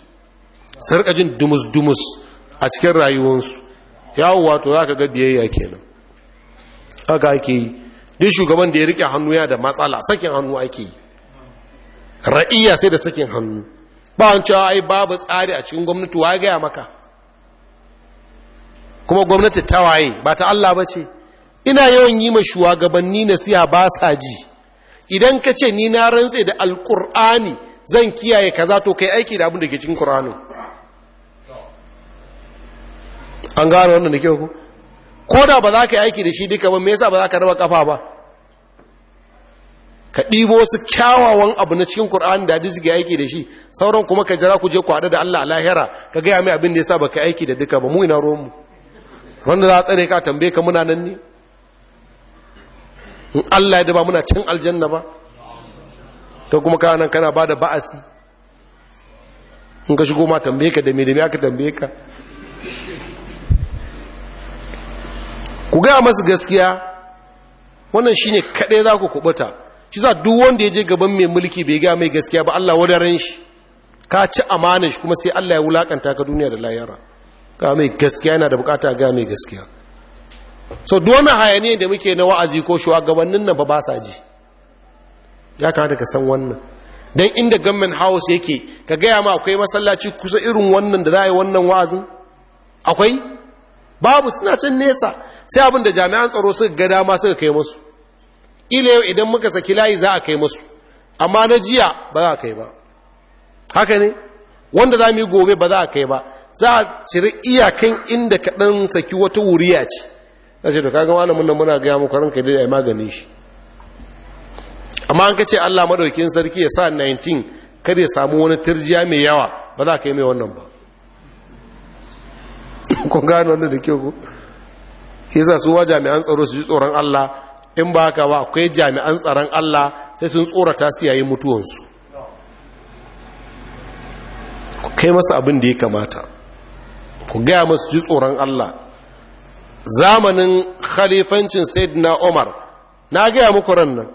su jin dumus-dumus a cikin rayuwarsu yawo wato za ka ga biyayya kenan haka ake yi duk shugaban da ya rike hannu ya da matsala sakin hannu ake yi ra'iya sai da sakin hannu ba an cewa ai babu tsari a cikin gwamnati wa gaya maka kuma gwamnati ta waye ba ta Allah ba ce ina yawan yi ma shugabanni nasiha ba sa ji idan ka ce ni na rantse da alkur'ani zan kiyaye kaza to kai aiki da abin da ke cikin qur'anin an gano wannan da kyau ko da ba za ka yi aiki da shi duka ba me yasa ba za ka raba kafa ba ka ɗibo su kyawawan abu na cikin ƙurani da hadisi ke aiki da shi sauran kuma ka jira ku je ku haɗu da Allah lahira ka gaya mai abin da yasa ka aiki da duka ba mu ina ruwan mu wanda za a tsare ka tambaye ka muna nan ne in Allah ya ba muna can aljanna ba ta kuma nan kana ba da ba'asi in ka shigo ma tambaye ka da me da me aka tambaye ka ku gaya masu gaskiya wannan shine kaɗai za ku kubuta shi za duk wanda ya je gaban mai mulki bai gaya mai gaskiya ba Allah wadaren shi ka ci amanin shi kuma sai Allah ya wulakanta ka duniya da layara ka mai gaskiya yana da bukata ga mai gaskiya so duwana hayani da muke na wa'azi ko shugabannin nan ba ba sa ji ya kamata ka san wannan Don inda government house yake ka gaya ma akwai masallaci kusa irin wannan da za a yi wannan wa'azin akwai babu suna can nesa sai abin da jami'an tsaro suka ga dama suka kai masu. ila yau idan muka saki layi za a kai masu. amma na jiya ba za a kai ba haka ne wanda za mu yi gobe ba za a kai ba za a cire iyakan inda kaɗan saki wata wuriya ce ya ce to kaga malamin nan muna gaya muku ranka dai ai maganin shi amma an kace Allah madaukin sarki ya sa 19 kada ya samu wani turjiya mai yawa ba za ka yi mai wannan ba ko gano wannan da kyau ko yasa su wa jami'an tsaro su ji tsoron Allah in ba haka ba akwai jami'an tsaron Allah sai sun tsorata su yayin mutuwansu ku kai masa abin da ya kamata ku gaya masu ji tsoron Allah zamanin khalifancin na umar na gaya muku rannan,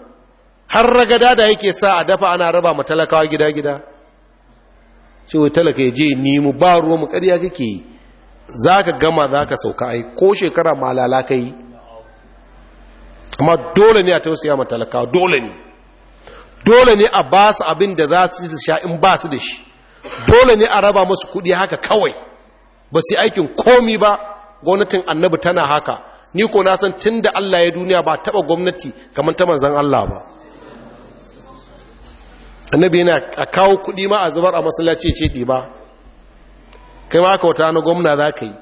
har ragada da yake sa a dafa ana raba ma talakawa gida-gida wai talaka ya je nemo ba ruwa mu ƙarya kake yi za ka gama za ka sauka ai ko shekara malala ka yi amma dole ne a tausaya ma talakawa dole ne dole ne a ba su abin da za su su sha in ba su da shi dole ne a raba musu kuɗi haka kawai ba su yi aikin komi ba gwamnatin annabi tana haka ni ko na san tun da Allah ya duniya ba taɓa gwamnati kamar ta manzan Allah ba annabi yana a kawo kuɗi ma a zubar a masallaci ce ɗi ba kai ma haka wata na gwamna za ka yi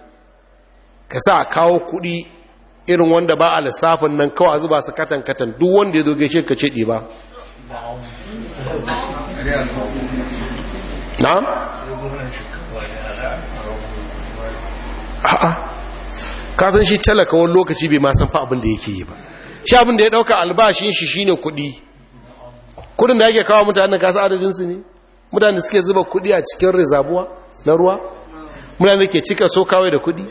ka sa a kawo kuɗi irin wanda ba a lissafin nan kawai a zuba su katan katan duk wanda ya zo gaishe ka ce ɗi ba na? ka san shi talaka wani lokaci bai ma san fa abin da yake yi ba shi abin da ya dauka albashin shi shine kuɗi kuɗin da yake kawo mutanen ka san adadin su ne mutanen da suke zuba kuɗi a cikin rizabuwa na ruwa mutanen da ke cika so kawai da kuɗi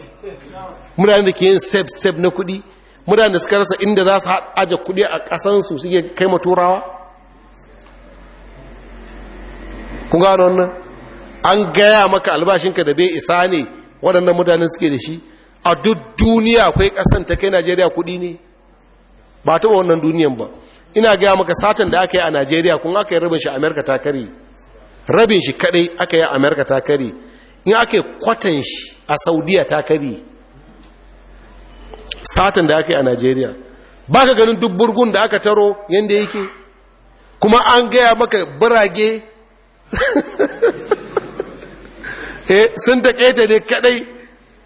mutanen da ke yin seb na kuɗi mutanen da suka rasa inda za su aje kuɗi a ƙasan su suke kai maturawa kun gano wannan an gaya maka albashinka da bai isa ne waɗannan mutanen suke da shi a duk duniya akwai kasan ta kai najeriya kudi ne ba taɓa wannan duniyan ba ina gaya maka satan da aka yi a najeriya kun aka yi rabin shi amerika ta kari rabin shi kadai aka yi amerika ta kari in aka yi kwatan shi a saudiya ta kari satan da aka yi a najeriya ba ka ganin duk burgun da aka taro yadda yake kuma an gaya maka birage eh, sun taƙaita ne kadai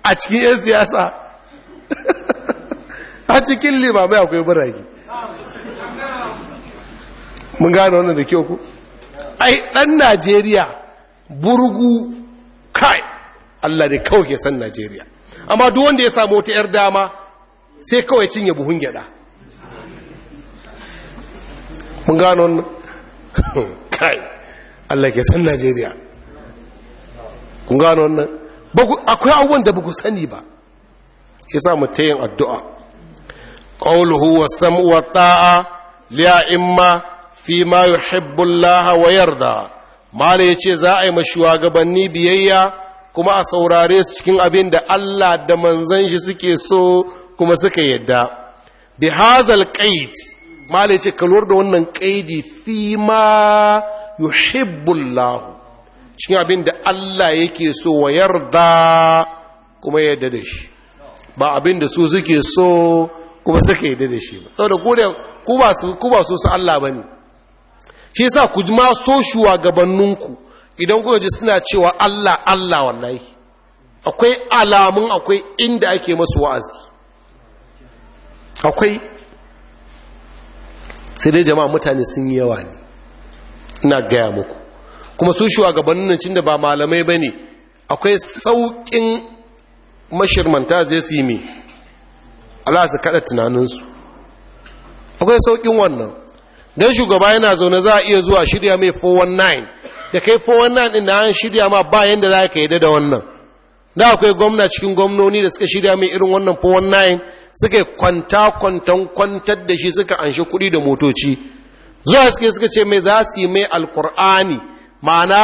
a cikin 'yan siyasa a cikin limamai akwai birane mun gane wannan da kyau ku ai dan najeriya burgu kai allah ne kawai ke san najeriya amma duk wanda ya samu wata 'yar dama sai kawai cinye buhun gyada mun gane wannan kai allah ke san najeriya mun gane wannan akwai abubuwan da buku sani ba ya sa mu ta yin addu'a ƙauluhu wa sam'uwa ta'a ma fi ma yuhibbullaha wa yarda mala ya ce za a yi ma shugabanni biyayya kuma a saurare su cikin abin da Allah da manzan shi suke so kuma suka yadda bi hazal qaid mala ya ce kalwar da wannan ƙaidi fi ma yuhibbullahu cikin abin da Allah yake so wa yarda kuma ya da shi ba abin da su suke so kuma suka yadda da shi ba saboda ko da ku ba su ku ba so su Allah bane shi yasa ku ma so gabaninku idan kuka ji suna cewa Allah Allah wallahi akwai alamun akwai inda ake masu wa'azi akwai sai dai jama'a mutane sun yi yawa ne ina gaya muku kuma su shugabannin nan cin da ba malamai ba ne akwai sauƙin mashirmanta zai su yi mai Allah su kaɗa tunaninsu akwai sauƙin wannan don shugaba yana zaune za a iya zuwa shirya mai 419 da kai 419 inda an shirya ma bayan da za ka yi da wannan da akwai gwamna cikin gwamnoni da suka shirya mai irin wannan 419 suka kwanta kwantan kwantar da shi suka anshi kuɗi da motoci zuwa suke suka ce mai za su yi mai alkur'ani ma'ana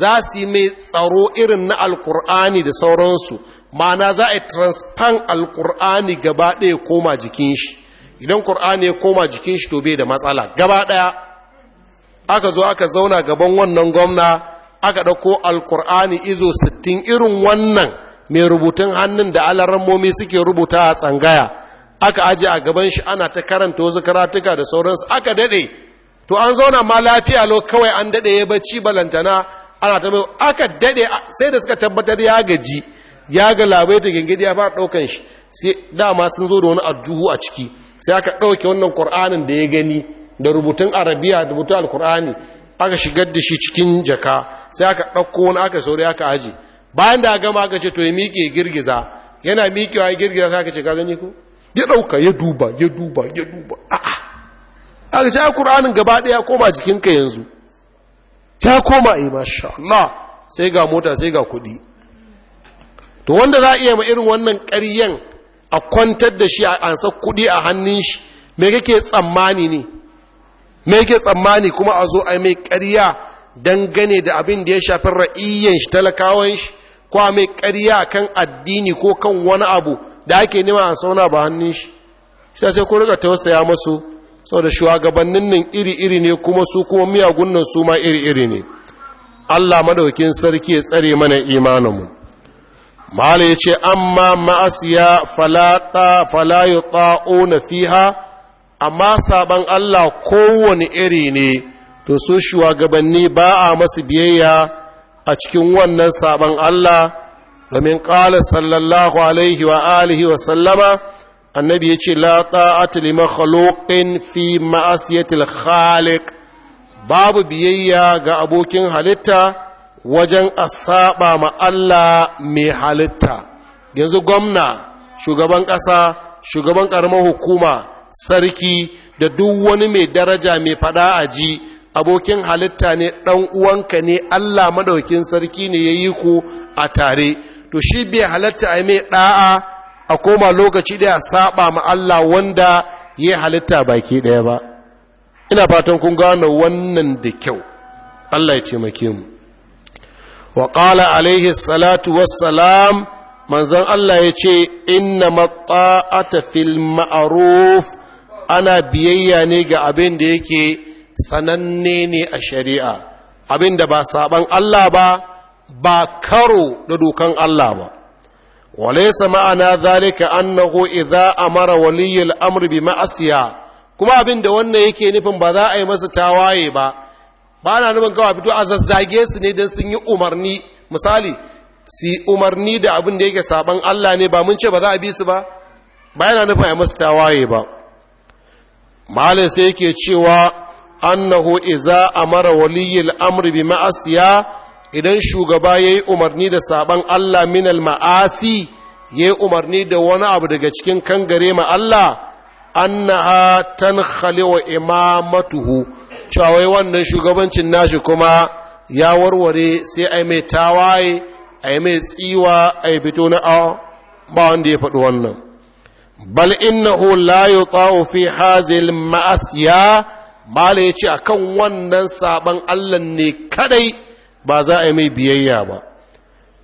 za su yi mai tsaro irin na alkur'ani da sauransu ma'ana za a yi transpan alkur'ani gaba ɗaya koma jikin shi idan kur'ani ya koma jikin shi to bai da matsala gaba ɗaya aka zo aka zauna gaban wannan gwamna aka ɗauko alkur'ani izo 60 irin wannan mai rubutun hannun da alarammomi suke rubuta a tsangaya aka aje a gaban shi ana ta karanta wasu karatuka da sauransu aka daɗe to an zauna ma lafiya lo kawai an daɗe ya bacci balantana ana ta mai aka daɗe sai da suka tabbatar ya gaji ya ga labai ta gingidi ya fara ɗaukan shi sai dama sun zo da wani aljuhu a ciki sai aka dauke wannan qur'anin da ya gani da rubutun arabiya da rubutun alqur'ani aka shigar da shi cikin jaka sai aka ɗauko wani aka sauri aka aji bayan da gama aka ce to ya miƙe girgiza yana miƙewa ya girgiza sai aka ce ka gani ko ya ɗauka ya duba ya duba ya duba ah aka ce Qur'anin gaba daya koma jikinka yanzu ya koma yi eh, masha Allah sai ga mota sai ga kudi to wanda za a iya ma irin wannan ƙaryen a kwantar da shi a ansa kudi a hannun shi me kake tsammani ne me kake tsammani kuma a zo a mai ƙarya dangane da abin da ya shafi ra'iyyan shi talakawan shi ko a mai ƙarya kan addini ko kan wani abu da ake nema a sauna ba hannun shi sai sai ko rika tausaya masu sau da shugabannin nan iri-iri ne kuma su kuma miyagun nan su ma iri-iri ne allah madaukin sarki ya tsare mana imaninmu mala ya ce amma ma'asiya falayu ta'o na fiha amma saban allah kowane iri ne to su shugabanni ba a masu biyayya a cikin wannan saban allah domin ƙala sallallahu alaihi wa alihi wa sallama annabi ya ce la ta'ata li makhluqin fi ma'asiyatil khaliq babu biyayya ga abokin halitta wajen asaba ma Allah mai halitta yanzu gwamna shugaban ƙasa shugaban ƙaramar hukuma sarki da duk wani mai daraja mai fada a ji abokin halitta ne ɗan uwanka ne Allah madaukin sarki ne ya yi ku a tare to shi bai halatta a mai ɗa'a a koma lokaci da saba ma Allah wanda ya halitta baki daya ba ina fatan kun gano wannan da kyau Allah ya taimake mu wa qala alaihi salatu wassalam manzon Allah ya ce inna mata'ata fil ma'ruf ana biyayya ne ga abin da yake sananne ne a shari'a abin da ba saban Allah ba ba karo da dokan Allah ba walaysa ma'ana zalika annahu idza amara waliyul amri bi ma'asiya kuma abin da wannan yake nufin ba za a yi masa tawaye ba ba na nufin kawai fito a zazzage su ne don sun yi umarni misali su umarni da abin da yake saban Allah ne ba mun ce ba za a bi su ba ba yana nufin a yi masa tawaye ba malin sai yake cewa annahu iza amara waliyil amri bi ma'asiya idan shugaba ya yi umarni da saban Allah minal ma'asi ya yi umarni da wani abu daga cikin kangare ma Allah annaha tankhali wa imamatuhu cewa wannan shugabancin nashi kuma ya warware sai yi mai tawaye yi mai tsiwa yi fito na a ba wanda ya faɗi wannan bal innahu la tsawo fi hazil ma'asiya mala yace akan wannan saban Allah ne kadai ba za a yi mai biyayya ba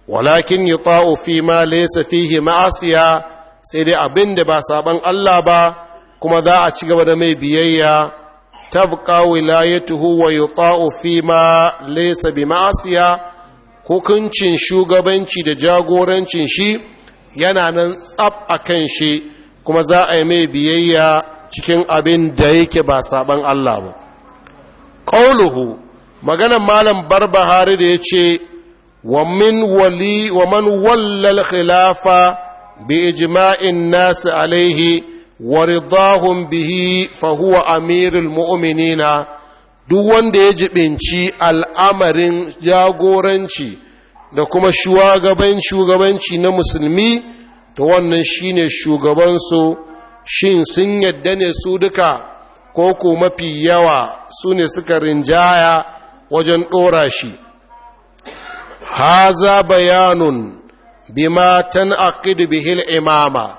walakin yi ta'o fi ma laisa fihi ma'asiya sai dai abin da ba saban Allah ba kuma za a ci gaba da mai biyayya tabqa wilayatuhu wa yuta'u fi ma lesa bi ma'asiya hukuncin shugabanci da jagorancin shi yana nan tsab a kan shi kuma za a yi mai biyayya cikin abin da yake ba saban Allah ba qauluhu maganan malam barbahari da ya ce wa min wali wa man wallal khilafa bi ijma'in nas alaihi wa ridahum bihi fa amirul mu'minina duk wanda ya jibinci al'amarin jagoranci da kuma shugaban shugabanci na musulmi to wannan shine shugabansu shin sun yadda ne su duka ko ko mafi yawa su ne suka rinjaya wajen ɗora shi haza bayanun bima tan aqidu bihil imama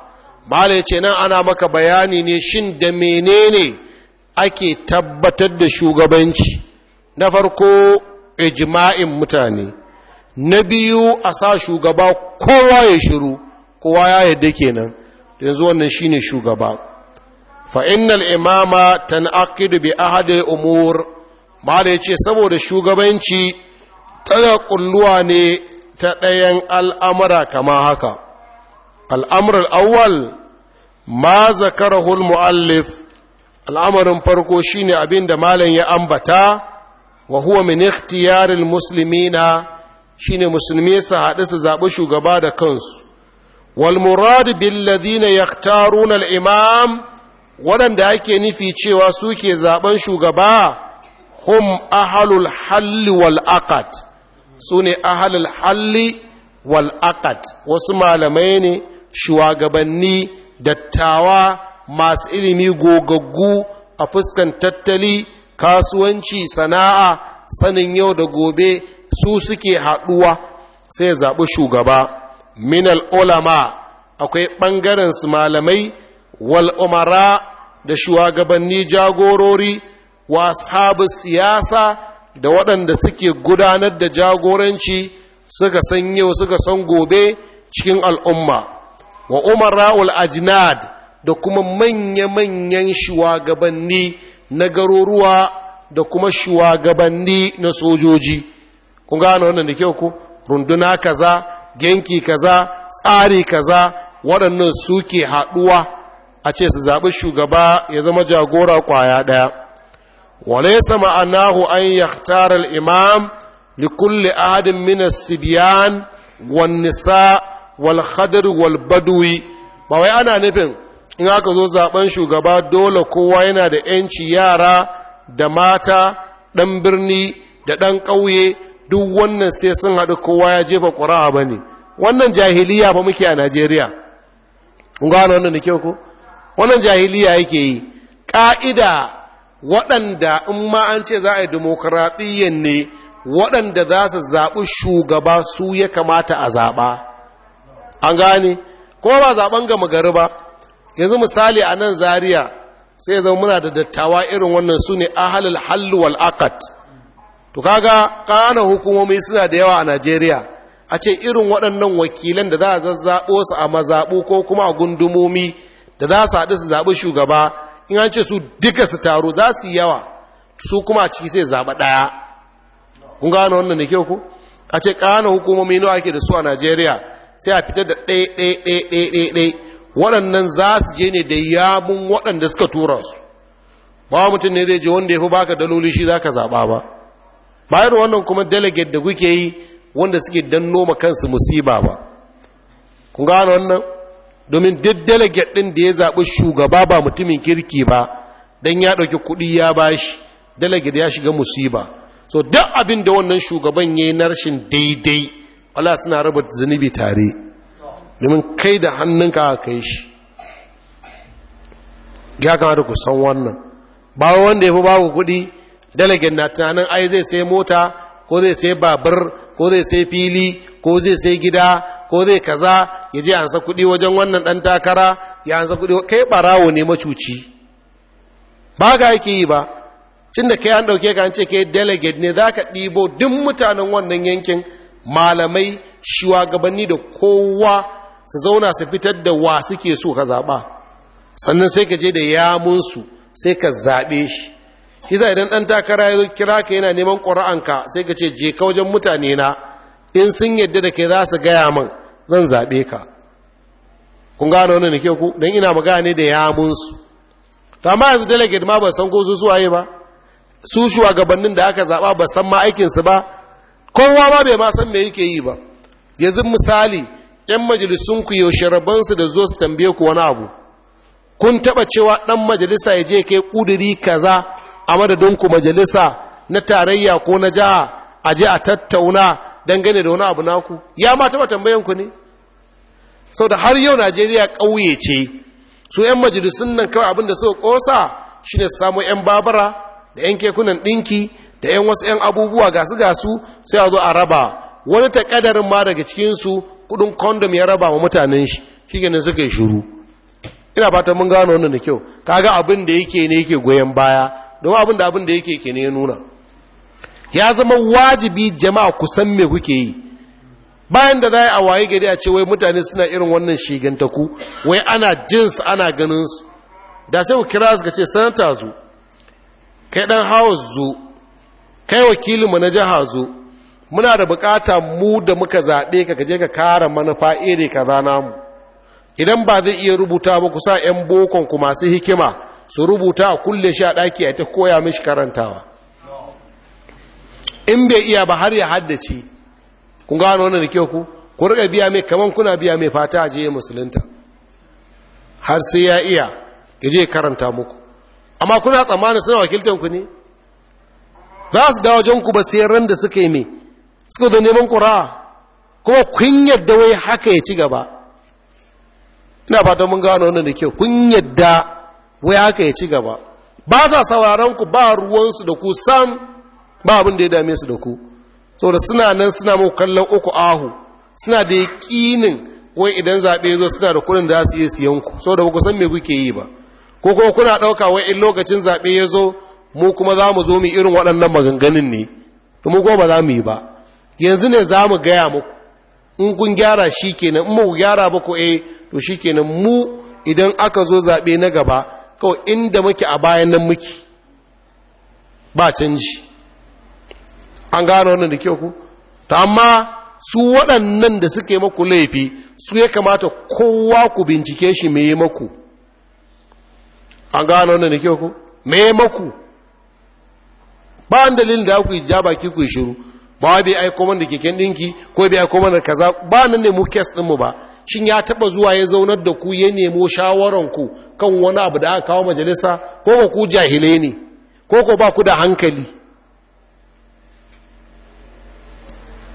bale ce nan ana maka bayani ne shin da menene ake tabbatar da shugabanci na farko ijma'in mutane na biyu a sa shugaba kowa ya shiru kowa ya yadda kenan yanzu wannan shine shugaba fa innal imama tan tanaqidu bi ahadi umur mala ya ce saboda shugabanci tana kulluwa ne ta ɗayan al'amura kama haka al'amuran awwal ma zakarahul mu'allif al'amarin farko shine abin da malam ya ambata wa huwa min na shi ne musulmi su haɗu su zaɓi shugaba da kansu walmurad bin bil ladina imam waɗanda ake nufi cewa suke zaɓen shugaba hum ahalul halli wal aqad su ne ahalul halli wal aqad wasu malamai ne shugabanni dattawa masu ilimi gogaggu a fuskan tattali kasuwanci sana'a sanin yau da gobe su suke haɗuwa sai zaɓi shugaba minal ulama akwai ɓangaren su malamai wal da shugabanni jagorori wa ashabu siyasa da waɗanda suke gudanar da jagoranci suka san yau suka san gobe cikin al'umma wa Umar ra'ul ajinad da kuma manya-manyan shugabanni na garuruwa da kuma shugabanni na sojoji kun gano wannan da kyau ku runduna kaza genki kaza tsari kaza waɗannan suke haɗuwa a ce su zaɓi shugaba ya zama jagora kwaya ɗaya وليس معناه أن يختار الإمام لكل أحد من السبيان والنساء والخدر والبدو bawai ana nufin in aka zo zaɓen shugaba dole kowa yana da 'yanci yara da mata ɗan birni da ɗan ƙauye duk wannan sai sun haɗu kowa ya jefa ƙura'a ba ne wannan jahiliya ba muke a najeriya kun gano wannan da kyau ko wannan jahiliya yake yi ƙa'ida waɗanda in ma an ce za a yi demokuraɗiyyar ne waɗanda za su zaɓi shugaba su ya kamata a zaɓa an gane kuma ba zaɓen gama gari ba yanzu misali a nan zariya sai zama muna da dattawa irin wannan su ne ahalal hallu wal'akat akad to kaga ƙana hukumomi suna da yawa a najeriya a ce irin waɗannan wakilan da za a zazzaɓo su a mazaɓu ko kuma a gundumomi da za su haɗu su zaɓi shugaba in an ce su duka su taro za su yawa su kuma a ciki sai zaɓa ɗaya kun gano wannan da ke ku a ce ƙananan hukumomi nawa ake da su a najeriya sai a fitar da ɗai-ɗai-ɗai-ɗai waɗannan za su je ne da yabun waɗanda suka tura su ba mutum ne zai je wanda ya fi baka daloli shi za ka zaɓa ba bayan wannan kuma delegate da kuke yi wanda suke danno ma kansu musiba ba kun gano wannan domin duk delegate ɗin da ya zaɓi shugaba ba mutumin kirki ba don ya ɗauki kuɗi ya bashi delegate ya shiga musiba so duk abin da wannan shugaban ya yi na daidai wala suna raba zunubi tare domin kai da hannunka a kai shi ya kamata ku san wannan ba wanda ya fi ba ku kuɗi delegate na tunanin ai zai sai mota ko zai sai babur ko zai sai fili ko zai sai gida ko zai kaza ya je ansa kuɗi wajen wannan ɗan takara ya ansa kuɗi kai ɓarawo ne macuci ba ka yake yi ba cin da kai an ɗauke ka an ce kai delegate ne za ka ɗibo duk mutanen wannan yankin malamai shugabanni da kowa su zauna su fitar da wa suke so ka zaɓa sannan sai ka je da yamunsu sai ka zaɓe shi kisa idan ɗan takara ya zo kira ka yana neman ƙura'anka sai ka ce je ka wajen mutane na in sun yadda da ke za su gaya min zan zaɓe ka kun gano wannan da ke ku don ina magana ne da yamunsu ta ma yanzu delegate ma ba san ko su suwaye ba su shugabannin da aka zaɓa ba san ma aikinsu ba kowa ma bai ma san me yake yi ba yanzu misali yan ku yaushe su da zo su tambaye ku wani abu kun taɓa cewa ɗan majalisa ya je kai ƙuduri kaza a madadinku majalisa na tarayya ko na jiha a je a tattauna dangane da wani abu naku ya ma taɓa tambayanku ne sau da har yau najeriya ƙauye ce su 'yan majalisun nan kawai abinda suka ƙosa shi ne samu 'yan babara da 'yan kekunan ɗinki da 'yan wasu 'yan abubuwa gasu gasu sai a zo a raba wani ta ma daga cikinsu kudin kondom ya raba wa mutanen shi shi ganin suka yi shuru ina fata mun gano wannan da kyau kaga abin da yake ne yake goyon baya domin abin da abin da yake ke ne ya nuna ya zama wajibi jama'a kusan san me kuke yi bayan da za a waye gari a ce wai mutane suna irin wannan shigantaku wai ana jins ana ganin su da sai ku kira su ka ce sanata zo kai dan house zo kai wakilinmu na jiha zo muna da bukata mu da muka zaɓe ka kaje ka kara manufa iri kaza mu. idan ba zai iya rubuta ba ku sa 'yan bokon ku masu hikima su rubuta a kulle shi a ɗaki a ta koya mishi karantawa in bai iya ba har ya haddace kun gano wannan da kyau ku ku riƙa biya mai kaman kuna biya mai fata a jiye musulunta har sai ya iya ya je karanta muku amma kuna tsammanin suna wakiltar ku ne za su dawo wajen ku ba sai ran da suka yi mai suka zo neman ƙura kuma kun yadda wai haka ya ci gaba ina fata mun gano wannan da kyau kun yadda wai haka ya ci gaba ba sa sauraron ku ba ruwansu da ku sam ba abin da ya dame su da ku So da suna nan suna muku kallon uku ahu suna da yaƙinin wai idan zaɓe zo suna da kuɗin da za su iya siyan ku saboda kusan ku me kuke yi ba ko kuma kuna ɗauka wai in lokacin zaɓe ya zo mu kuma za mu zo mu irin waɗannan maganganun ne to mu kuma ba za mu yi ba yanzu ne za mu gaya muku in kun gyara shi kenan in mu gyara ba ku eh, to shi kenan mu idan aka zo zaɓe na gaba kawai inda muke a bayan nan muke ba canji an gano wannan da kyau ku ta amma su waɗannan da suke maku laifi su ya kamata kowa ku bincike shi mai maku an gano wannan da kyau ku mai maku ba an dalilin da ku yi ja baki ku yi shiru ba wa bai aiko da keken ɗinki ko bai aiko man da kaza ba nan ne mu kes ɗinmu ba shin ya taba zuwa ya zaunar da ku ya nemo shawaranku kan wani abu da aka kawo majalisa ko ba ku jahilai ne ko ko ba ku da hankali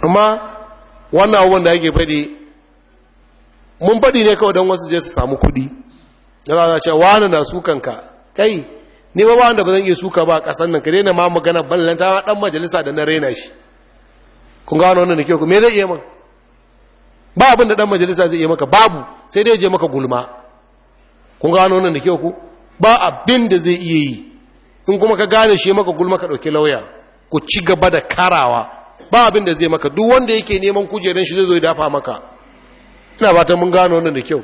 amma wannan abubuwan da ke faɗi mun faɗi ne kawai don wasu je su samu kuɗi da za a ce wani na sukanka kai ne ba wanda ba zan iya suka ba a kasar nan ka daina ma magana ballanta ɗan majalisa da na raina shi kun gano wannan da ke ku me zai iya man ba abin da dan majalisa zai yi maka babu sai dai je maka gulma kun gano nan da kyau ku ba abin da zai iya yi in kuma ka gane shi maka gulma ka dauki lauya ku ci gaba da karawa ba abin da zai maka duk wanda yake neman kujeran shi zai zo dafa maka ina fatan mun gano nan da kyau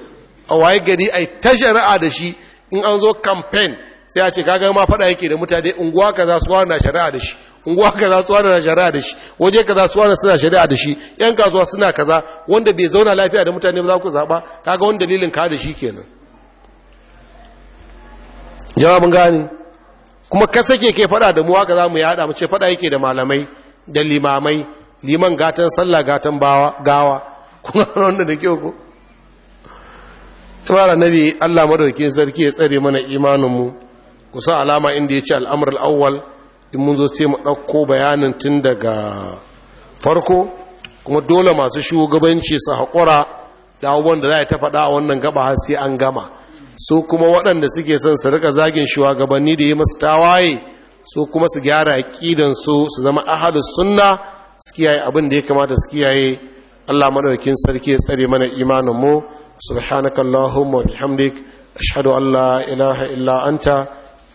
a waye gari ai ta shari'a da shi in an zo campaign sai a ce kaga ma faɗa yake da mutane unguwa kaza su na shari'a da shi unguwa kaza su wani na shari'a da shi waje za su wani suna shari'a da shi yan kasuwa suna kaza wanda bai zauna lafiya da mutane ba za ku zaɓa kaga wani dalilin ka da shi kenan jawabin gani kuma ka sake ke faɗa da muwa ka za mu yaɗa mu ce faɗa yake da malamai da limamai liman gatan sallah gatan bawa gawa kuma wanda da kyau ko tumara nabi Allah madaukakin sarki ya tsare mana mu kusa alama inda ya ce al'amur al'awwal in mun zo sai mu ɗauko bayanin tun daga farko kuma dole masu shugabanci su haƙura da abubuwan da za a ta faɗa a wannan gaba har sai an gama su kuma waɗanda suke son su rika zagin shugabanni da yi masu tawaye su kuma su gyara aƙidansu su zama ahadus sunna su kiyaye abin da ya kamata su kiyaye Allah madaukin sarki ya tsare mana imanin mu subhanakallahumma wa bihamdik ashhadu an la ilaha illa anta